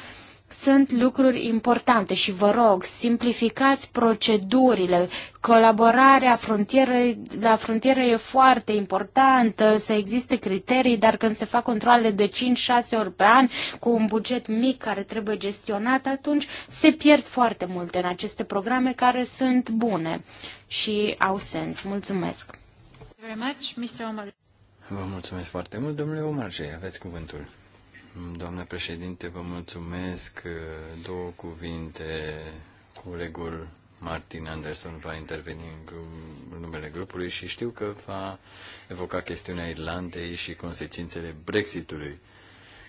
A: sunt lucruri importante și vă rog, simplificați procedurile. Colaborarea frontieră, la frontieră e foarte importantă, să existe criterii, dar când se fac controle de 5-6 ori pe an cu un buget mic care trebuie gestionat, atunci se pierd foarte multe în aceste programe care sunt bune și au sens. Mulțumesc!
C: Vă mulțumesc foarte mult, domnule Omarje. Aveți cuvântul. Doamnă președinte, vă mulțumesc. Două cuvinte. Colegul Martin Anderson va interveni în numele grupului și știu că va evoca chestiunea Irlandei și consecințele Brexitului.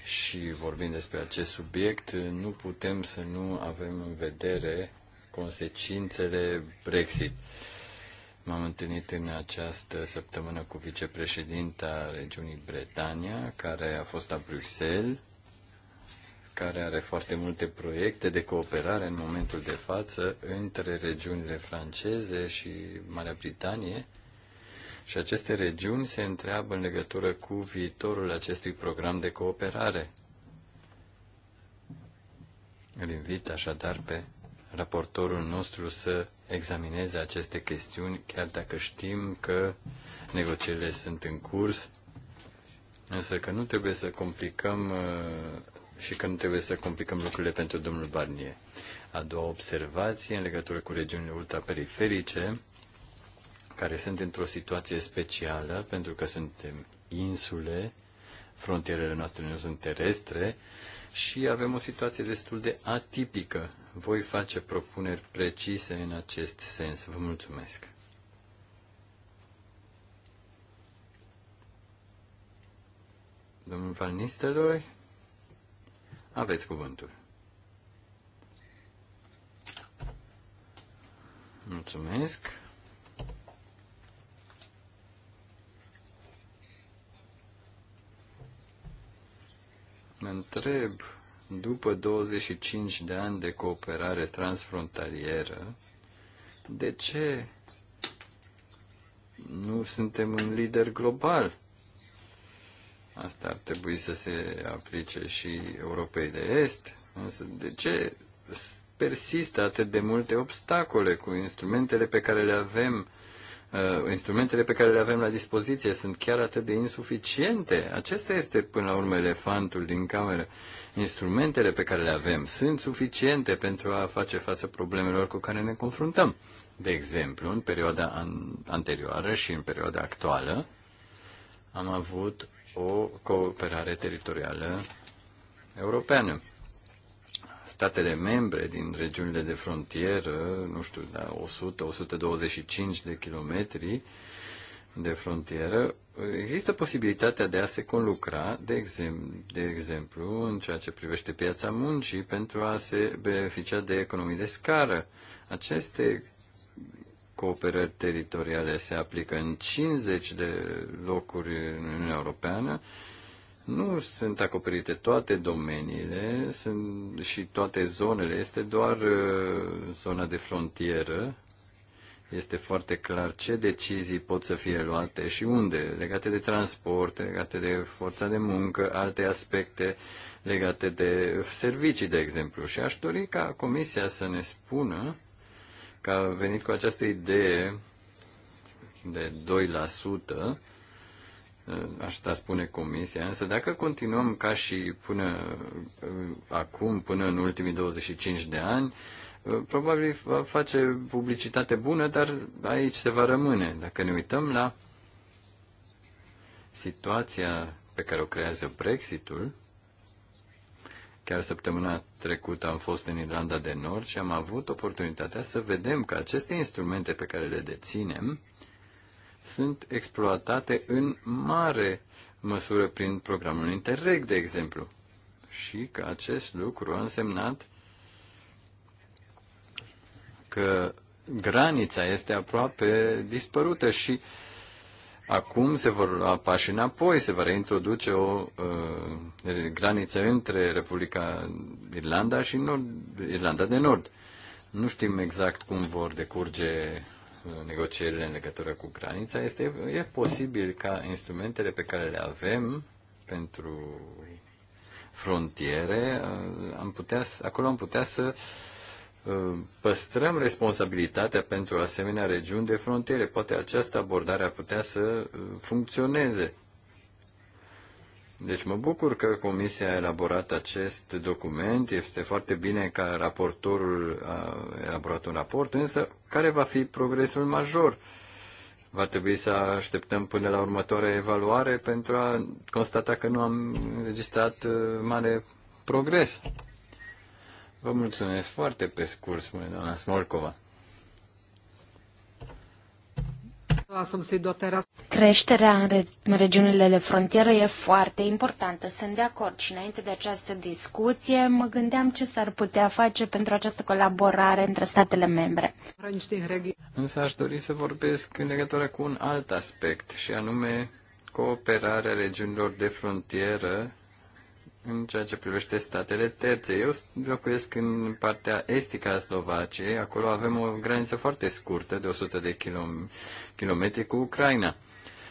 C: Și vorbind despre acest subiect, nu putem să nu avem în vedere consecințele Brexit. Uh, M-am întâlnit în această săptămână cu vicepreședinta regiunii Bretania, care a fost la Bruxelles, care are foarte multe proiecte de cooperare în momentul de față între regiunile franceze și Marea Britanie. Și aceste regiuni se întreabă în legătură cu viitorul acestui program de cooperare. Îl invit așadar pe raportorul nostru să examineze aceste chestiuni, chiar dacă știm că negocierile sunt în curs, însă că nu trebuie să complicăm uh, și că nu trebuie să complicăm lucrurile pentru domnul Barnier. A doua observație în legătură cu regiunile ultraperiferice, care sunt într-o situație specială, pentru că suntem insule, frontierele noastre nu sunt terestre și avem o situație destul de atipică. Voi face propuneri precise în acest sens. Vă mulțumesc. Domnul Van Nistelrooy, aveți cuvântul. Mulțumesc. mă întreb, după 25 de ani de cooperare transfrontalieră, de ce nu suntem un lider global? Asta ar trebui să se aplice și Europei de Est, însă de ce persistă atât de multe obstacole cu instrumentele pe care le avem Uh, instrumentele pe care le avem la dispoziție sunt chiar atât de insuficiente. Acesta este, până la urmă, elefantul din cameră. Instrumentele pe care le avem sunt suficiente pentru a face față problemelor cu care ne confruntăm. De exemplu, în perioada an- anterioară și în perioada actuală, am avut o cooperare teritorială europeană statele membre din regiunile de frontieră, nu știu, la da, 100-125 de kilometri de frontieră, există posibilitatea de a se conlucra, de, exem- de exemplu, în ceea ce privește piața muncii, pentru a se beneficia de economii de scară. Aceste cooperări teritoriale se aplică în 50 de locuri în Uniunea Europeană, nu sunt acoperite toate domeniile sunt și toate zonele. Este doar uh, zona de frontieră. Este foarte clar ce decizii pot să fie luate și unde, legate de transport, legate de forța de muncă, alte aspecte legate de servicii, de exemplu. Și aș dori ca Comisia să ne spună că a venit cu această idee de 2%, asta spune Comisia, însă dacă continuăm ca și până uh, acum, până în ultimii 25 de ani, uh, probabil va face publicitate bună, dar aici se va rămâne. Dacă ne uităm la situația pe care o creează Brexitul, chiar săptămâna trecută am fost în Irlanda de Nord și am avut oportunitatea să vedem că aceste instrumente pe care le deținem, sunt exploatate în mare măsură prin programul Interreg, de exemplu. Și că acest lucru a însemnat că granița este aproape dispărută și acum se vor lua pași înapoi, se va reintroduce o uh, graniță între Republica Irlanda și Nord, Irlanda de Nord. Nu știm exact cum vor decurge negocierile în legătură cu granița, este e posibil ca instrumentele pe care le avem pentru frontiere, uh, am putea, acolo am putea să uh, păstrăm responsabilitatea pentru asemenea regiuni de frontiere. Poate această abordare ar putea să uh, funcționeze. Deci mă bucur că Comisia a elaborat acest document. Este foarte bine că raportorul a elaborat un raport, însă care va fi progresul major? Va trebui să așteptăm până la următoarea evaluare pentru a constata că nu am înregistrat uh, mare progres. Vă mulțumesc foarte pe scurs, spune doamna Smolcova.
A: Creșterea în, re- în regiunile de frontieră e foarte importantă. Sunt de acord și înainte de această discuție mă gândeam ce s-ar putea face pentru această colaborare între statele membre.
C: Însă aș dori să vorbesc în legătură cu un alt aspect și anume cooperarea regiunilor de frontieră în ceea ce privește statele terțe. Eu locuiesc în partea estică a Slovaciei, acolo avem o graniță foarte scurtă, de 100 de kilometri, cu Ucraina.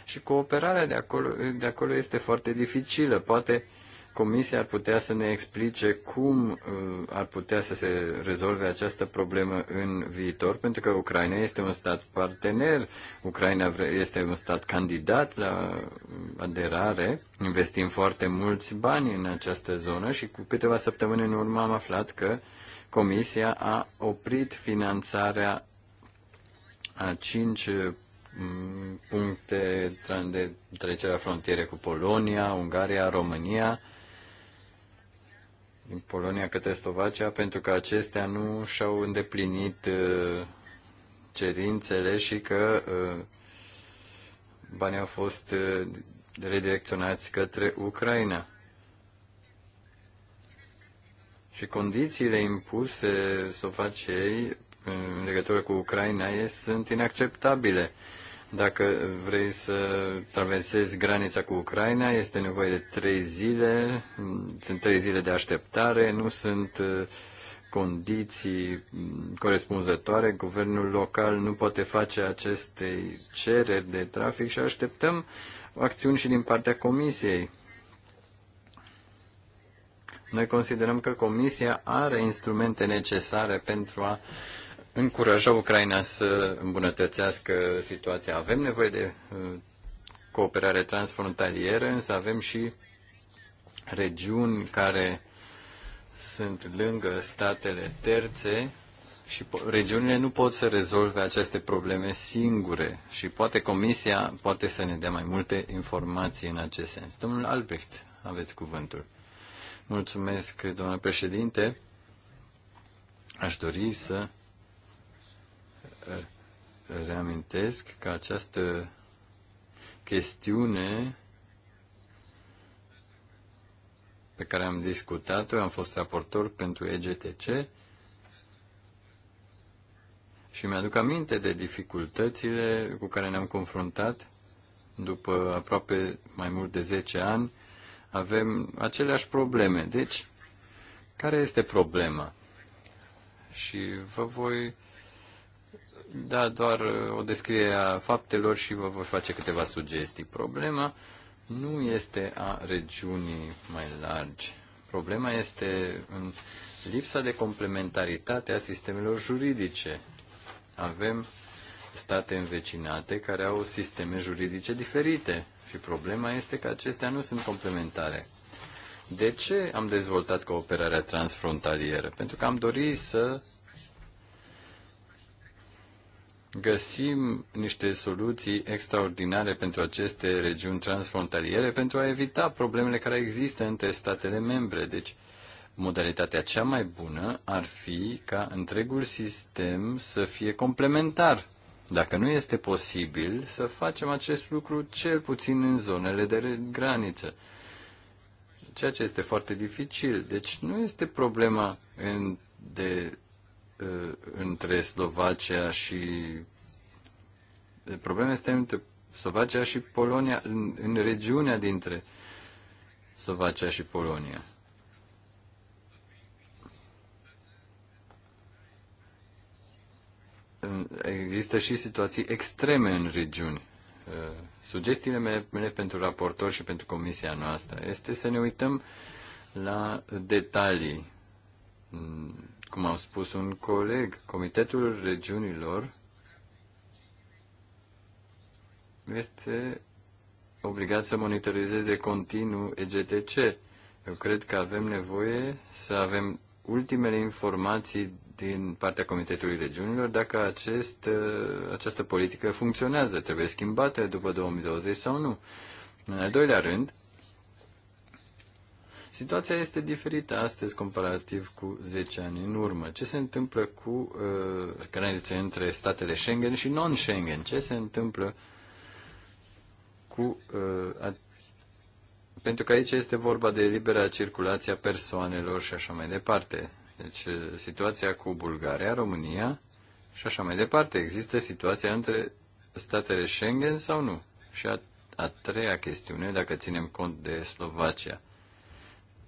C: Și cooperarea de acolo, de acolo este foarte dificilă. Poate uh, Comisia ar putea să ne explice cum uh, ar putea să se rezolve această problemă în viitor, pentru că Ucraina este un stat partener, Ucraina este un stat candidat la aderare, investim foarte mulți bani în această zonă și cu câteva săptămâni în urmă am aflat că Comisia a oprit finanțarea a cinci mm, puncte de trecere a frontiere cu Polonia, Ungaria, România din Polonia către Slovacia pentru că acestea nu și-au îndeplinit uh, cerințele și că uh, banii au fost uh, redirecționați către Ucraina. Și condițiile impuse Slovaciei în legătură cu Ucraina sunt inacceptabile. Dacă vrei să traversezi granița cu Ucraina, este nevoie de trei zile, sunt trei zile de așteptare, nu sunt uh, condiții mm, corespunzătoare, guvernul local nu poate face aceste cereri de trafic și așteptăm acțiuni și din partea Comisiei. Noi considerăm că Comisia are instrumente necesare pentru a uh, încuraja Ucraina să îmbunătățească situația. Avem nevoie de uh, cooperare transfrontalieră, însă avem și regiuni care sunt lângă statele terțe și regiunile nu pot să rezolve aceste probleme singure și poate Comisia poate să ne dea mai multe informații în acest sens. Domnul Albrecht, aveți cuvântul. Mulțumesc, domnule președinte. Aș dori să reamintesc că această chestiune pe care am discutat-o, am fost raportor pentru EGTC și mi-aduc aminte de dificultățile cu care ne-am confruntat după aproape mai mult de 10 ani, avem aceleași probleme. Deci, care este problema? Și vă voi da doar uh, o descriere a faptelor și vă voi face câteva sugestii. Problema nu este a regiunii mai largi. Problema este în lipsa de complementaritate a sistemelor juridice. Avem state învecinate care au sisteme juridice diferite și problema este că acestea nu sunt complementare. De ce am dezvoltat cooperarea transfrontalieră? Pentru că am dorit să găsim niște soluții extraordinare pentru aceste regiuni transfrontaliere pentru a evita problemele care există între statele membre. Deci, modalitatea cea mai bună ar fi ca întregul sistem să fie complementar. Dacă nu este posibil, să facem acest lucru cel puțin în zonele de graniță. Ceea ce este foarte dificil. Deci nu este problema în de între Slovacia și problema este între Slovacia și Polonia, în, în regiunea dintre Slovacia și Polonia. Există și situații extreme în regiuni. Sugestiile mele, mele pentru raportor și pentru comisia noastră este să ne uităm la detalii cum am spus un coleg, Comitetul Regiunilor este obligat să monitorizeze continuu EGTC. Eu cred că avem nevoie să avem ultimele informații din partea Comitetului Regiunilor dacă acest, această politică funcționează, trebuie schimbată după 2020 sau nu. În al doilea rând, Situația este diferită astăzi comparativ cu 10 ani în urmă. Ce se întâmplă cu uh, granițe între statele Schengen și non-Schengen? Ce se întâmplă cu... Uh, a... Pentru că aici este vorba de libera circulație a persoanelor și așa mai departe. Deci uh, situația cu Bulgaria, România și așa mai departe. Există situația între statele Schengen sau nu? Și a, a treia chestiune, dacă ținem cont de Slovacia.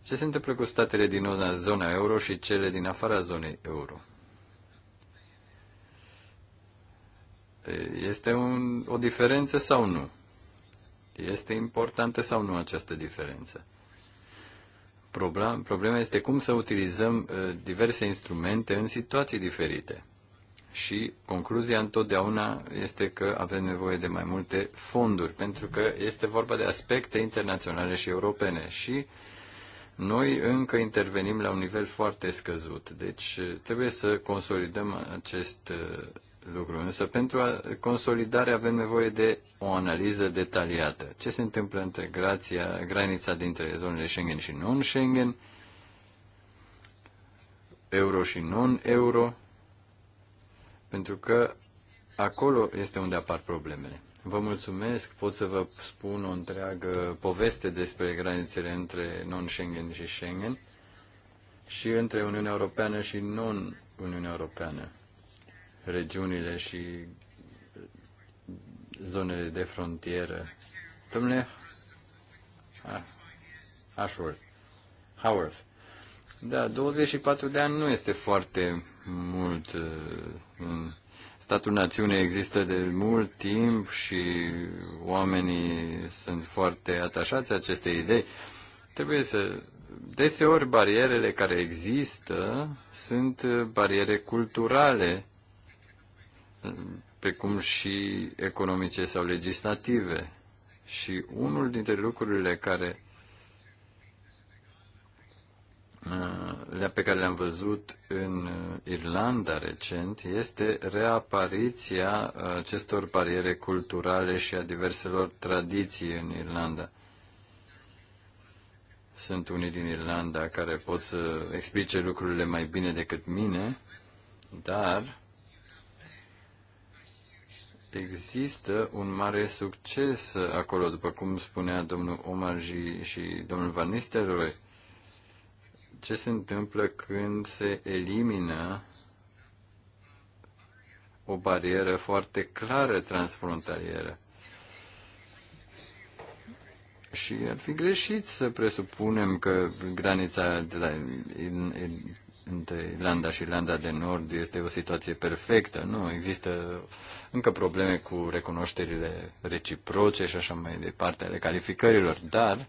C: Ce se întâmplă cu statele din zona euro și cele din afara zonei euro? Este un, o diferență sau nu? Este importantă sau nu această diferență? Problema, problema este cum să utilizăm uh, diverse instrumente în situații diferite. Și concluzia întotdeauna este că avem nevoie de mai multe fonduri, pentru că este vorba de aspecte internaționale și europene. Și uh, noi încă intervenim la un nivel foarte scăzut, deci eh, trebuie să consolidăm acest eh, lucru. Însă pentru a consolidare avem nevoie de o analiză detaliată. Ce se întâmplă între grația, granița dintre zonele Schengen și non-Schengen, euro și non-euro, pentru că acolo este unde apar problemele. Vă mulțumesc, pot să vă spun o întreagă poveste despre granițele între non-Schengen și Schengen și între Uniunea Europeană și non-Uniunea Europeană, regiunile și zonele de frontieră. Domnule Ashworth, Howarth, da, 24 de ani nu este foarte mult uh, în statul-națiune există de mult timp și oamenii sunt foarte atașați acestei idei. Trebuie să... Deseori barierele care există sunt bariere culturale, precum și economice sau legislative. Și unul dintre lucrurile care Uh, pe care le-am văzut în uh, Irlanda recent este reapariția uh, acestor bariere culturale și a diverselor tradiții în Irlanda. Sunt unii din Irlanda care pot să explice lucrurile mai bine decât mine, dar există un mare succes acolo, după cum spunea domnul Omar și, și domnul Van Nistelrooy ce se întâmplă când se elimină o barieră foarte clară transfrontalieră. Și ar fi greșit să presupunem că granița de la, in, in, între Irlanda și Irlanda de Nord este o situație perfectă. Nu, există încă probleme cu recunoșterile reciproce și așa mai departe ale calificărilor, dar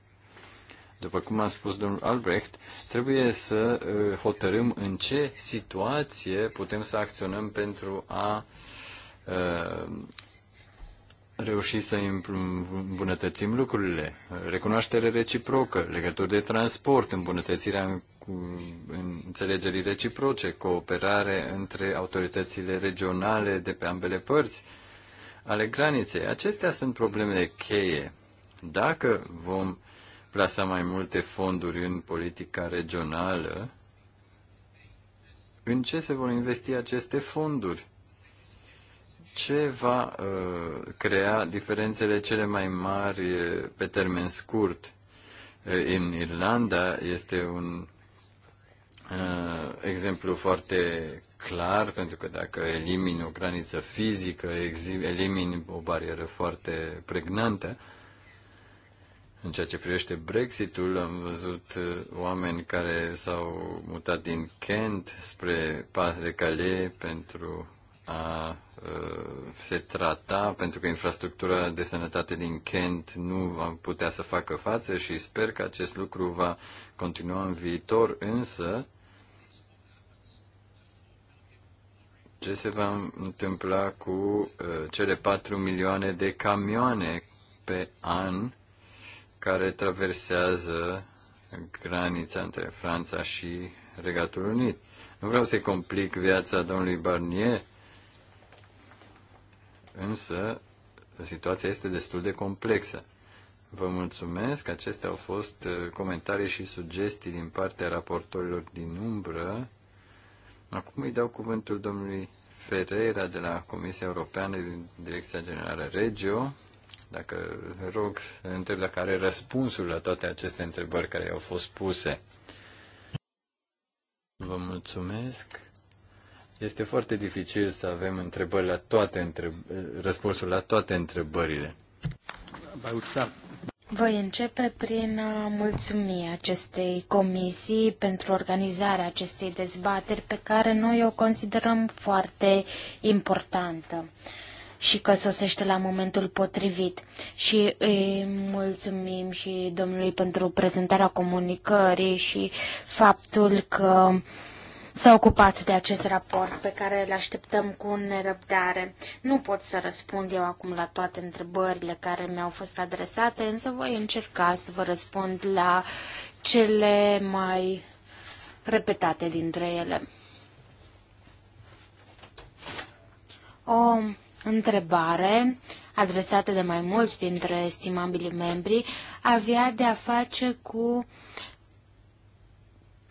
C: după cum a spus domnul Albrecht, trebuie să uh, hotărâm în ce situație putem să acționăm pentru a uh, reuși să îmbunătățim lucrurile. Recunoaștere reciprocă, legături de transport, îmbunătățirea cu înțelegerii reciproce, cooperare între autoritățile regionale de pe ambele părți ale graniței. Acestea sunt problemele cheie. Dacă vom uh, plasa mai multe fonduri în politica regională, în ce se vor investi aceste fonduri? Ce va uh, crea diferențele cele mai mari uh, pe termen scurt? Uh, în Irlanda este un uh, exemplu foarte clar, pentru că dacă elimini o graniță fizică, elimini o barieră foarte pregnantă, uh, în ceea ce privește Brexitul, am văzut uh, oameni care s-au mutat din Kent spre Pas-de-Calais pentru a uh, se trata, pentru că infrastructura de sănătate din Kent nu va putea să facă față și sper că acest lucru va continua în viitor, însă ce se va întâmpla cu uh, cele 4 milioane de camioane pe an care traversează granița între Franța și Regatul Unit. Nu vreau să-i complic viața domnului Barnier, însă situația este destul de complexă. Vă mulțumesc, acestea au fost uh, comentarii și sugestii din partea raportorilor din umbră. Acum îi dau cuvântul domnului Ferreira de la Comisia Europeană din Direcția Generală Regio dacă rog să întreb dacă are răspunsul la toate aceste întrebări care au fost puse. Vă mulțumesc. Este foarte dificil să avem întrebări la toate întreb... răspunsul la toate întrebările.
A: Voi începe prin a mulțumi acestei comisii pentru organizarea acestei dezbateri pe care noi o considerăm foarte importantă și că sosește la momentul potrivit. Și îi mulțumim și domnului pentru prezentarea comunicării și faptul că s-a ocupat de acest raport pe care îl așteptăm cu nerăbdare. Nu pot să răspund eu acum la toate întrebările care mi-au fost adresate, însă voi încerca să vă răspund la cele mai repetate dintre ele. O întrebare adresată de mai mulți dintre estimabili membri avea de a face cu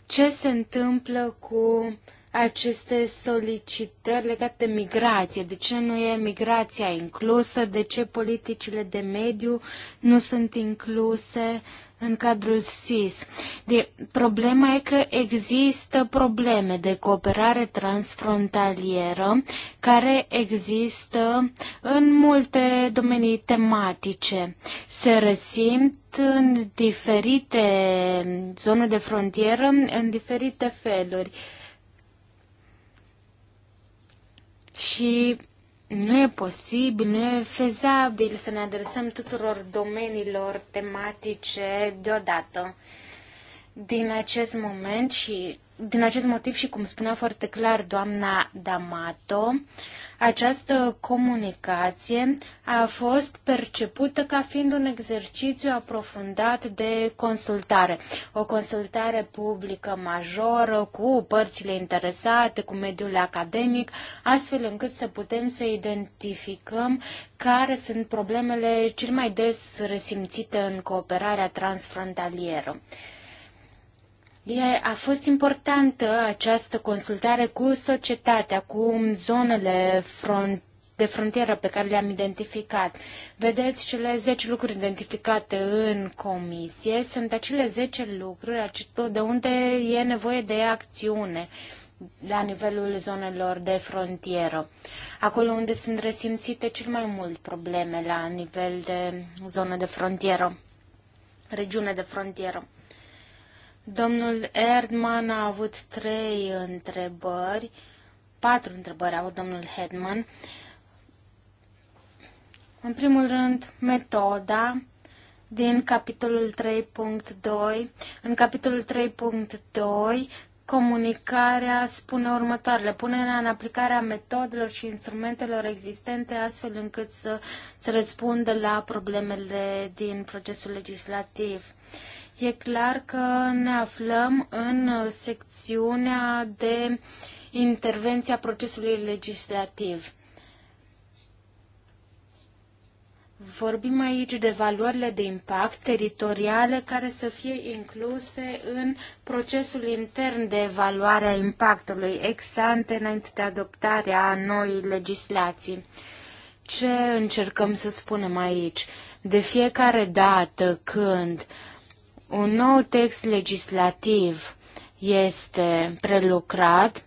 A: ce se întâmplă cu aceste solicitări legate de migrație, de ce nu e migrația inclusă, de ce politicile de mediu nu sunt incluse, în cadrul SIS. De, problema e că există probleme de cooperare transfrontalieră care există în multe domenii tematice. Se resimt în diferite zone de frontieră, în diferite feluri. Și nu e posibil, nu e fezabil să ne adresăm tuturor domeniilor tematice deodată. Din acest moment și din acest motiv și cum spunea foarte clar doamna D'Amato, această comunicație a fost percepută ca fiind un exercițiu aprofundat de consultare. O consultare publică majoră cu părțile interesate, cu mediul academic, astfel încât să putem să identificăm care sunt problemele cel mai des resimțite în cooperarea transfrontalieră. E, a fost importantă această consultare cu societatea, cu zonele front, de frontieră pe care le-am identificat. Vedeți, cele 10 lucruri identificate în comisie sunt acele 10 lucruri de unde e nevoie de acțiune la nivelul zonelor de frontieră, acolo unde sunt resimțite cel mai mult probleme la nivel de zonă de frontieră, regiune de frontieră. Domnul Erdman a avut trei întrebări, patru întrebări a avut domnul Hedman. În primul rând, metoda din capitolul 3.2. În capitolul 3.2, comunicarea spune următoarele. Punerea în aplicare a metodelor și instrumentelor existente astfel încât să se răspundă la problemele din procesul legislativ. E clar că ne aflăm în secțiunea de intervenția procesului legislativ. Vorbim aici de valorile de impact teritoriale care să fie incluse în procesul intern de evaluare a impactului ex ante înainte de adoptarea noii legislații. Ce încercăm să spunem aici? De fiecare dată când uh, un nou text legislativ este prelucrat,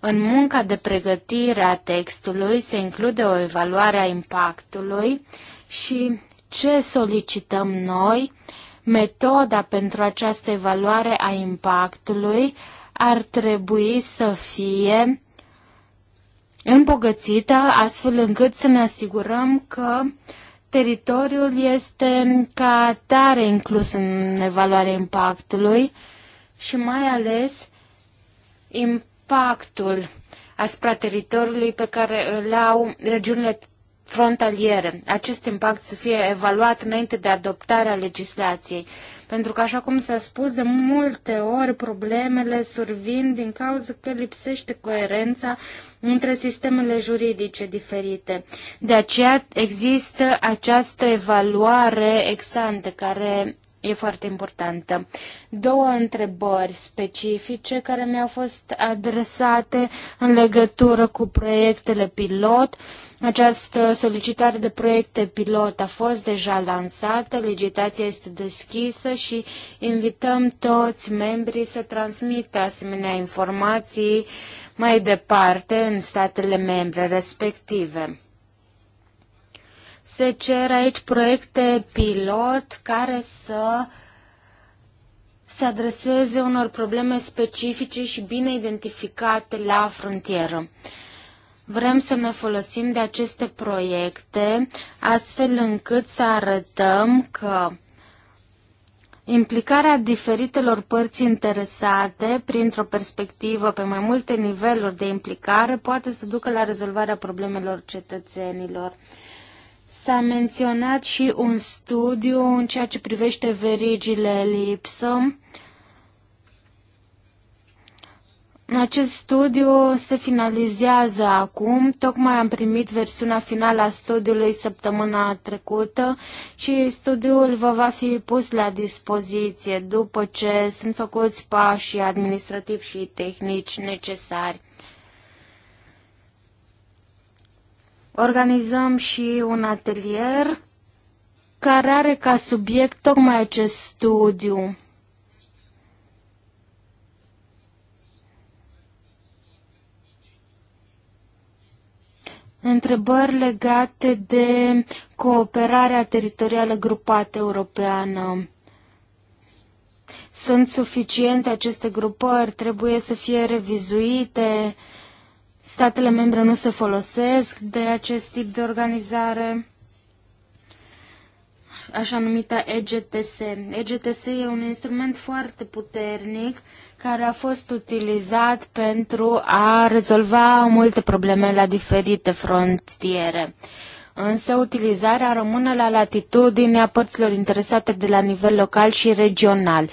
A: în munca de pregătire a textului se include o evaluare a impactului și ce solicităm noi, metoda pentru această evaluare a impactului ar trebui să fie îmbogățită astfel încât să ne asigurăm că uh, Teritoriul este ca atare inclus în evaluarea impactului și mai ales impactul asupra teritoriului pe care îl au regiunile frontaliere. Acest impact să fie evaluat înainte de adoptarea legislației. Pentru că, așa cum s-a spus, de multe ori problemele survin din cauza că lipsește coerența între sistemele juridice diferite. De aceea există această evaluare exantă care e foarte importantă. Două întrebări specifice care mi-au fost adresate în legătură cu proiectele pilot această solicitare de proiecte pilot a fost deja lansată, legislația este deschisă și invităm toți membrii să transmită asemenea informații mai departe în statele membre respective. Se cer aici proiecte pilot care să se adreseze unor probleme specifice și bine identificate la frontieră. Vrem să ne folosim de aceste proiecte astfel încât să arătăm că implicarea diferitelor părți interesate printr-o perspectivă pe mai multe niveluri de implicare poate să ducă la rezolvarea problemelor cetățenilor. S-a menționat și un studiu în ceea ce privește verigile lipsă. Uh, acest studiu se finalizează acum. Tocmai am primit versiunea finală a studiului săptămâna trecută și studiul vă va fi pus la dispoziție după ce sunt făcuți pașii administrativi și tehnici necesari. Organizăm și un atelier care are ca subiect tocmai acest studiu întrebări legate de cooperarea teritorială grupată europeană. Sunt suficiente aceste grupări? Trebuie să fie revizuite? Statele membre nu se folosesc de acest tip de organizare? așa numita EGTS. EGTS e un instrument foarte puternic care a fost utilizat pentru a rezolva multe probleme la diferite frontiere. Însă utilizarea rămâne la latitudinea părților interesate de la nivel local și regional. Uh,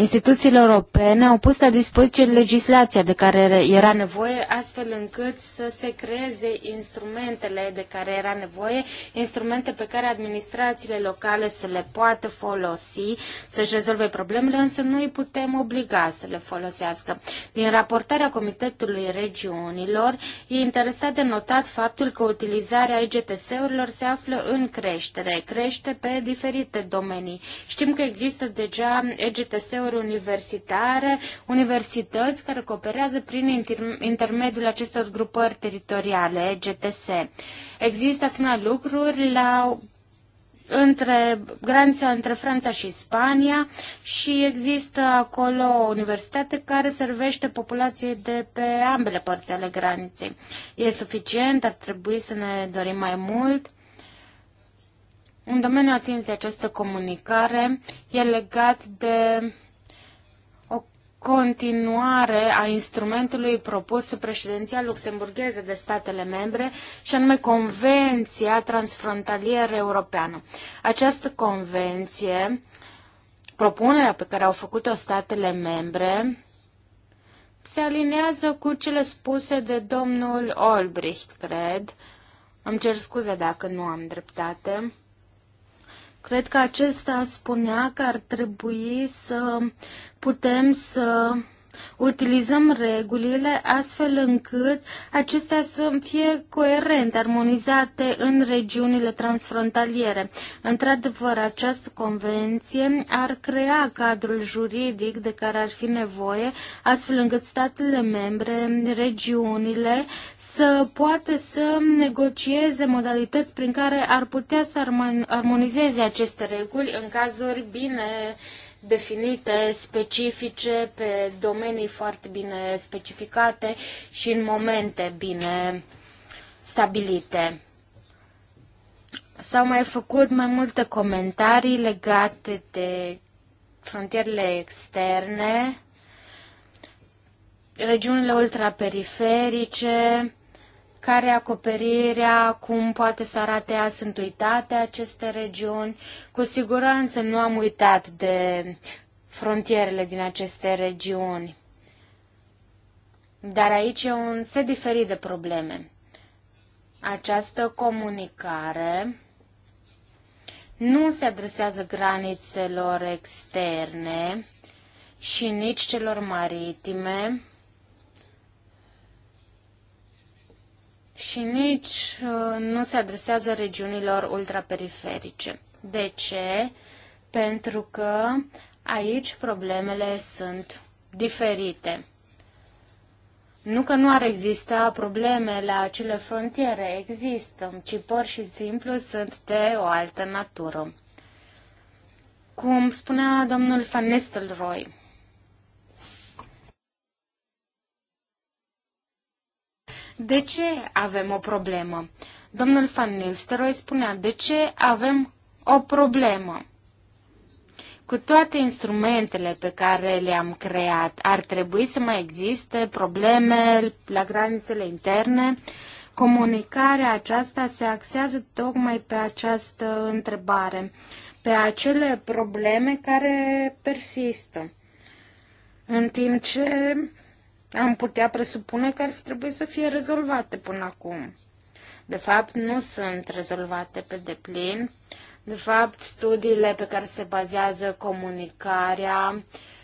A: Instituțiile europene au pus la dispoziție legislația de care era nevoie, astfel încât să se creeze instrumentele de care era nevoie, instrumente pe care administrațiile locale să le poată folosi, să-și rezolve problemele, însă nu îi putem obliga să le folosească. Din raportarea Comitetului Regiunilor, e interesat de notat faptul că utilizarea IGTS-urilor se află în creștere, crește pe diferite domenii. Știm că există deja EGTS-uri planuri universitare, universități care cooperează prin intermediul acestor grupări teritoriale, GTS. Există asemenea lucruri la între granița între Franța și Spania și există acolo o universitate care servește populației de pe ambele părți ale graniței. E suficient? Ar trebui să ne dorim mai mult? Un domeniu atins de această comunicare e legat de continuare a instrumentului propus sub președinția luxemburgheză de statele membre, și anume Convenția Transfrontalieră Europeană. Această convenție, propunerea pe care au făcut-o statele membre, se aliniază cu cele spuse de domnul Olbricht, cred. Îmi cer scuze dacă nu am dreptate. Cred că acesta spunea că ar trebui să putem să utilizăm regulile astfel încât acestea să fie coerente, armonizate în regiunile transfrontaliere. Într-adevăr, această convenție ar crea cadrul juridic de care ar fi nevoie, astfel încât statele membre, regiunile, să poată să negocieze modalități prin care ar putea să armonizeze aceste reguli în cazuri bine definite, specifice, pe domenii foarte bine specificate și în momente bine stabilite. S-au mai făcut mai multe comentarii legate de frontierele externe, regiunile ultraperiferice, care acoperirea, cum poate să arate asântuitate aceste regiuni. Cu siguranță nu am uitat de frontierele din aceste regiuni. Dar aici e un set diferit de probleme. Această comunicare nu se adresează granițelor externe și nici celor maritime, și nici uh, nu se adresează regiunilor ultraperiferice. De ce? Pentru că aici problemele sunt diferite. Nu că nu ar exista probleme la acele frontiere, există, ci pur și simplu sunt de o altă natură. Cum spunea domnul Van Nistelrooy, De ce avem o problemă? Domnul Van Nistelrooy spunea, de ce avem o problemă? Cu toate instrumentele pe care le-am creat, ar trebui să mai existe probleme la granițele interne?
C: Comunicarea
A: aceasta se axează tocmai pe această întrebare, pe acele probleme care persistă. În timp ce am putea presupune că ar fi trebuit să fie rezolvate până acum. De fapt, nu sunt rezolvate pe deplin. De fapt, studiile pe care se bazează comunicarea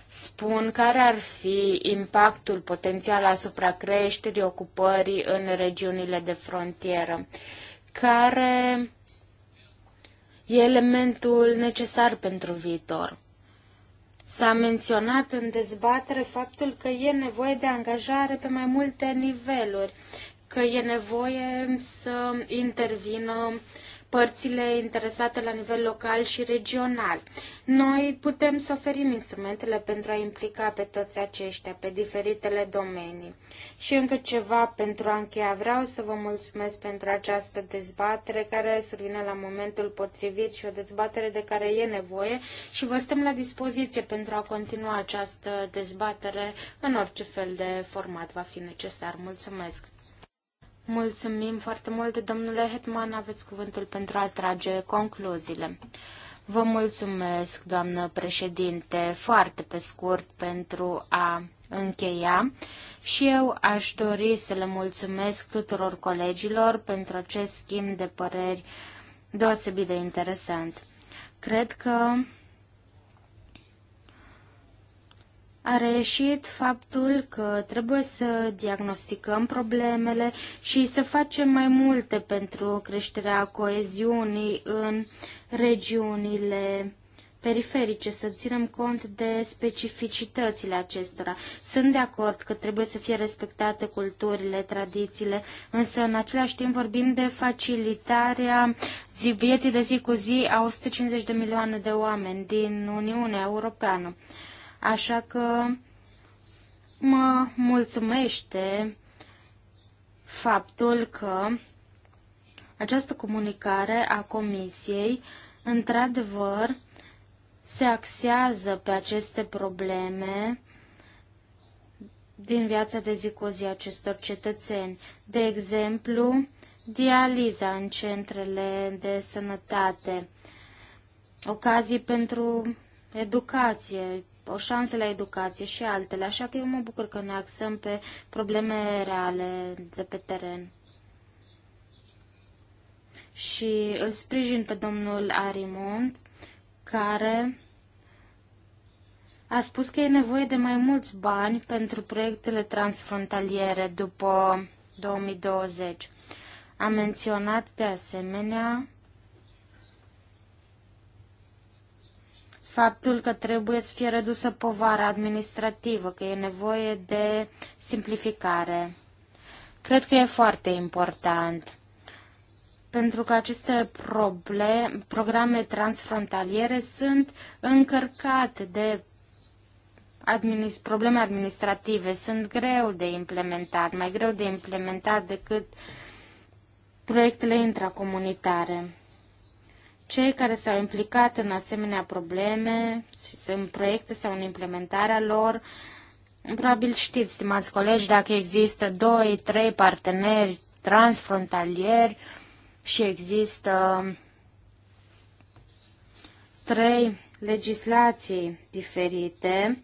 A: spun care ar fi impactul potențial asupra creșterii ocupării în regiunile de frontieră, care e elementul necesar pentru viitor. S-a menționat în dezbatere faptul că e nevoie de angajare pe mai multe niveluri, că e nevoie să intervină părțile interesate la nivel local și regional. Noi putem să oferim instrumentele pentru a implica pe toți aceștia, pe diferitele domenii. Și încă ceva pentru a încheia. Vreau să vă mulțumesc pentru această dezbatere care să vină la momentul potrivit și o dezbatere de care e nevoie și vă stăm la dispoziție pentru a continua această dezbatere în orice fel de format va fi necesar. Mulțumesc! Mulțumim foarte mult, domnule Hetman, aveți cuvântul pentru a trage concluziile. Vă mulțumesc, doamnă președinte, foarte pe scurt pentru a încheia și eu aș dori să le mulțumesc tuturor colegilor pentru acest schimb de păreri deosebit de interesant. Cred că a reieșit faptul că trebuie să diagnosticăm problemele și să facem mai multe pentru creșterea coeziunii în regiunile periferice, să ținem cont de specificitățile acestora. Sunt de acord că trebuie să fie respectate culturile, tradițiile, însă în același timp vorbim de facilitarea vieții de zi cu zi a 150 de milioane de oameni din Uniunea Europeană. Așa că mă mulțumește faptul că această comunicare a Comisiei, într-adevăr, se axează pe aceste probleme din viața de zi cu zi acestor cetățeni. De exemplu, dializa în centrele de sănătate, ocazii pentru educație, o șansă la educație și altele, așa că eu mă bucur că ne axăm pe probleme reale de pe teren. Și îl sprijin pe domnul Arimont, care a spus că e nevoie de mai mulți bani pentru proiectele transfrontaliere după 2020. A menționat de asemenea faptul că trebuie să fie redusă povara administrativă, că e nevoie de simplificare. Cred că e foarte important pentru că aceste probleme, programe transfrontaliere sunt încărcate de administ- probleme administrative, sunt greu de implementat, mai greu de implementat decât proiectele intracomunitare. Cei care s-au implicat în asemenea probleme, în proiecte sau în implementarea lor, probabil știți, stimați colegi, dacă există doi, trei parteneri transfrontalieri și există trei legislații diferite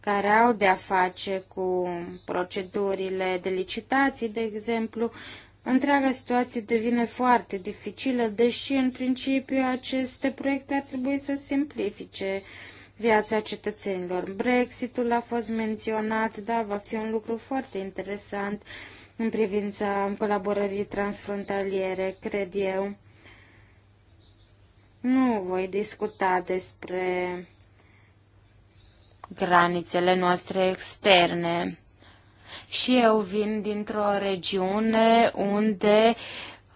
A: care au de-a face cu procedurile de licitații, de exemplu, Întreaga situație devine foarte dificilă, deși în principiu aceste proiecte ar trebui să simplifice viața cetățenilor. Brexitul a fost menționat, da, va fi un lucru foarte interesant în privința colaborării transfrontaliere, cred eu. Nu voi discuta despre granițele noastre externe. Și eu vin dintr-o regiune unde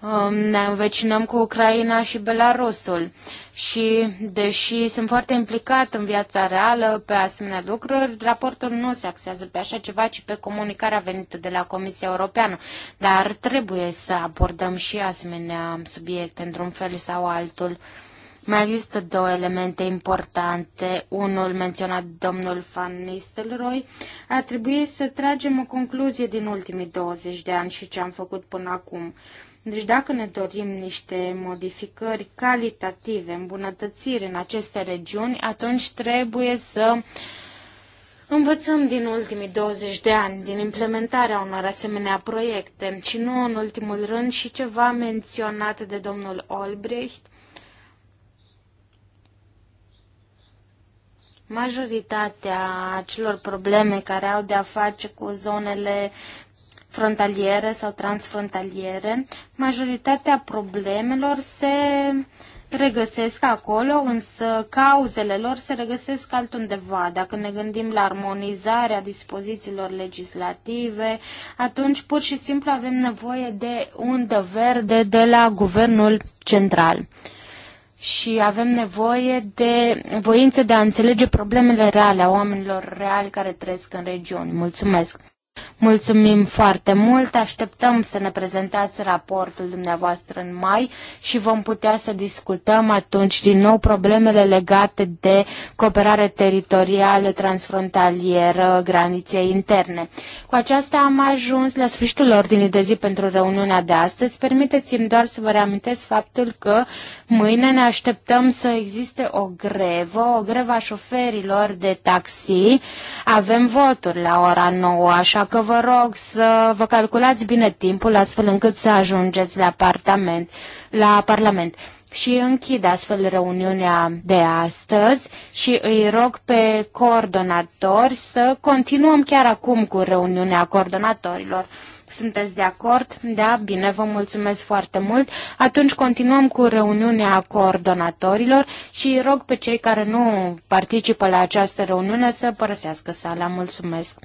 A: um, ne învecinăm cu Ucraina și Belarusul. Și, deși sunt foarte implicat în viața reală pe asemenea lucruri, raportul nu se axează pe așa ceva, ci pe comunicarea venită de la Comisia Europeană. Dar trebuie să abordăm și asemenea subiecte într-un fel sau altul. Mai există două elemente importante, unul menționat domnul Van Nistelrooy. A trebuit să tragem o concluzie din ultimii 20 de ani și ce am făcut până acum. Deci dacă ne dorim niște modificări calitative, îmbunătățiri în aceste regiuni, atunci trebuie să învățăm din ultimii 20 de ani, din implementarea unor asemenea proiecte și nu în ultimul rând și ceva menționat de domnul Olbricht, Majoritatea celor probleme care au de a face cu zonele frontaliere sau transfrontaliere, majoritatea problemelor se regăsesc acolo, însă cauzele lor se regăsesc altundeva. Dacă ne gândim la armonizarea dispozițiilor legislative, atunci pur și simplu avem nevoie de undă verde de la guvernul central și avem nevoie de voință de a înțelege problemele reale a oamenilor reali care trăiesc în regiuni. Mulțumesc! Mulțumim foarte mult, așteptăm să ne prezentați raportul dumneavoastră în mai și vom putea să discutăm atunci din nou problemele legate de cooperare teritorială transfrontalieră, granițe interne. Cu aceasta am ajuns la sfârșitul ordinii de zi pentru reuniunea de astăzi. Permiteți-mi doar să vă reamintesc faptul că mâine ne așteptăm să existe o grevă, o grevă a șoferilor de taxi. Avem voturi la ora 9, așa că vă rog să vă calculați bine timpul astfel încât să ajungeți la, apartament, la Parlament. Și închid astfel reuniunea de astăzi și îi rog pe coordonatori să continuăm chiar acum cu reuniunea coordonatorilor. Sunteți de acord? Da, bine, vă mulțumesc foarte mult. Atunci continuăm cu reuniunea coordonatorilor și îi rog pe cei care nu participă la această reuniune să părăsească sala. Mulțumesc!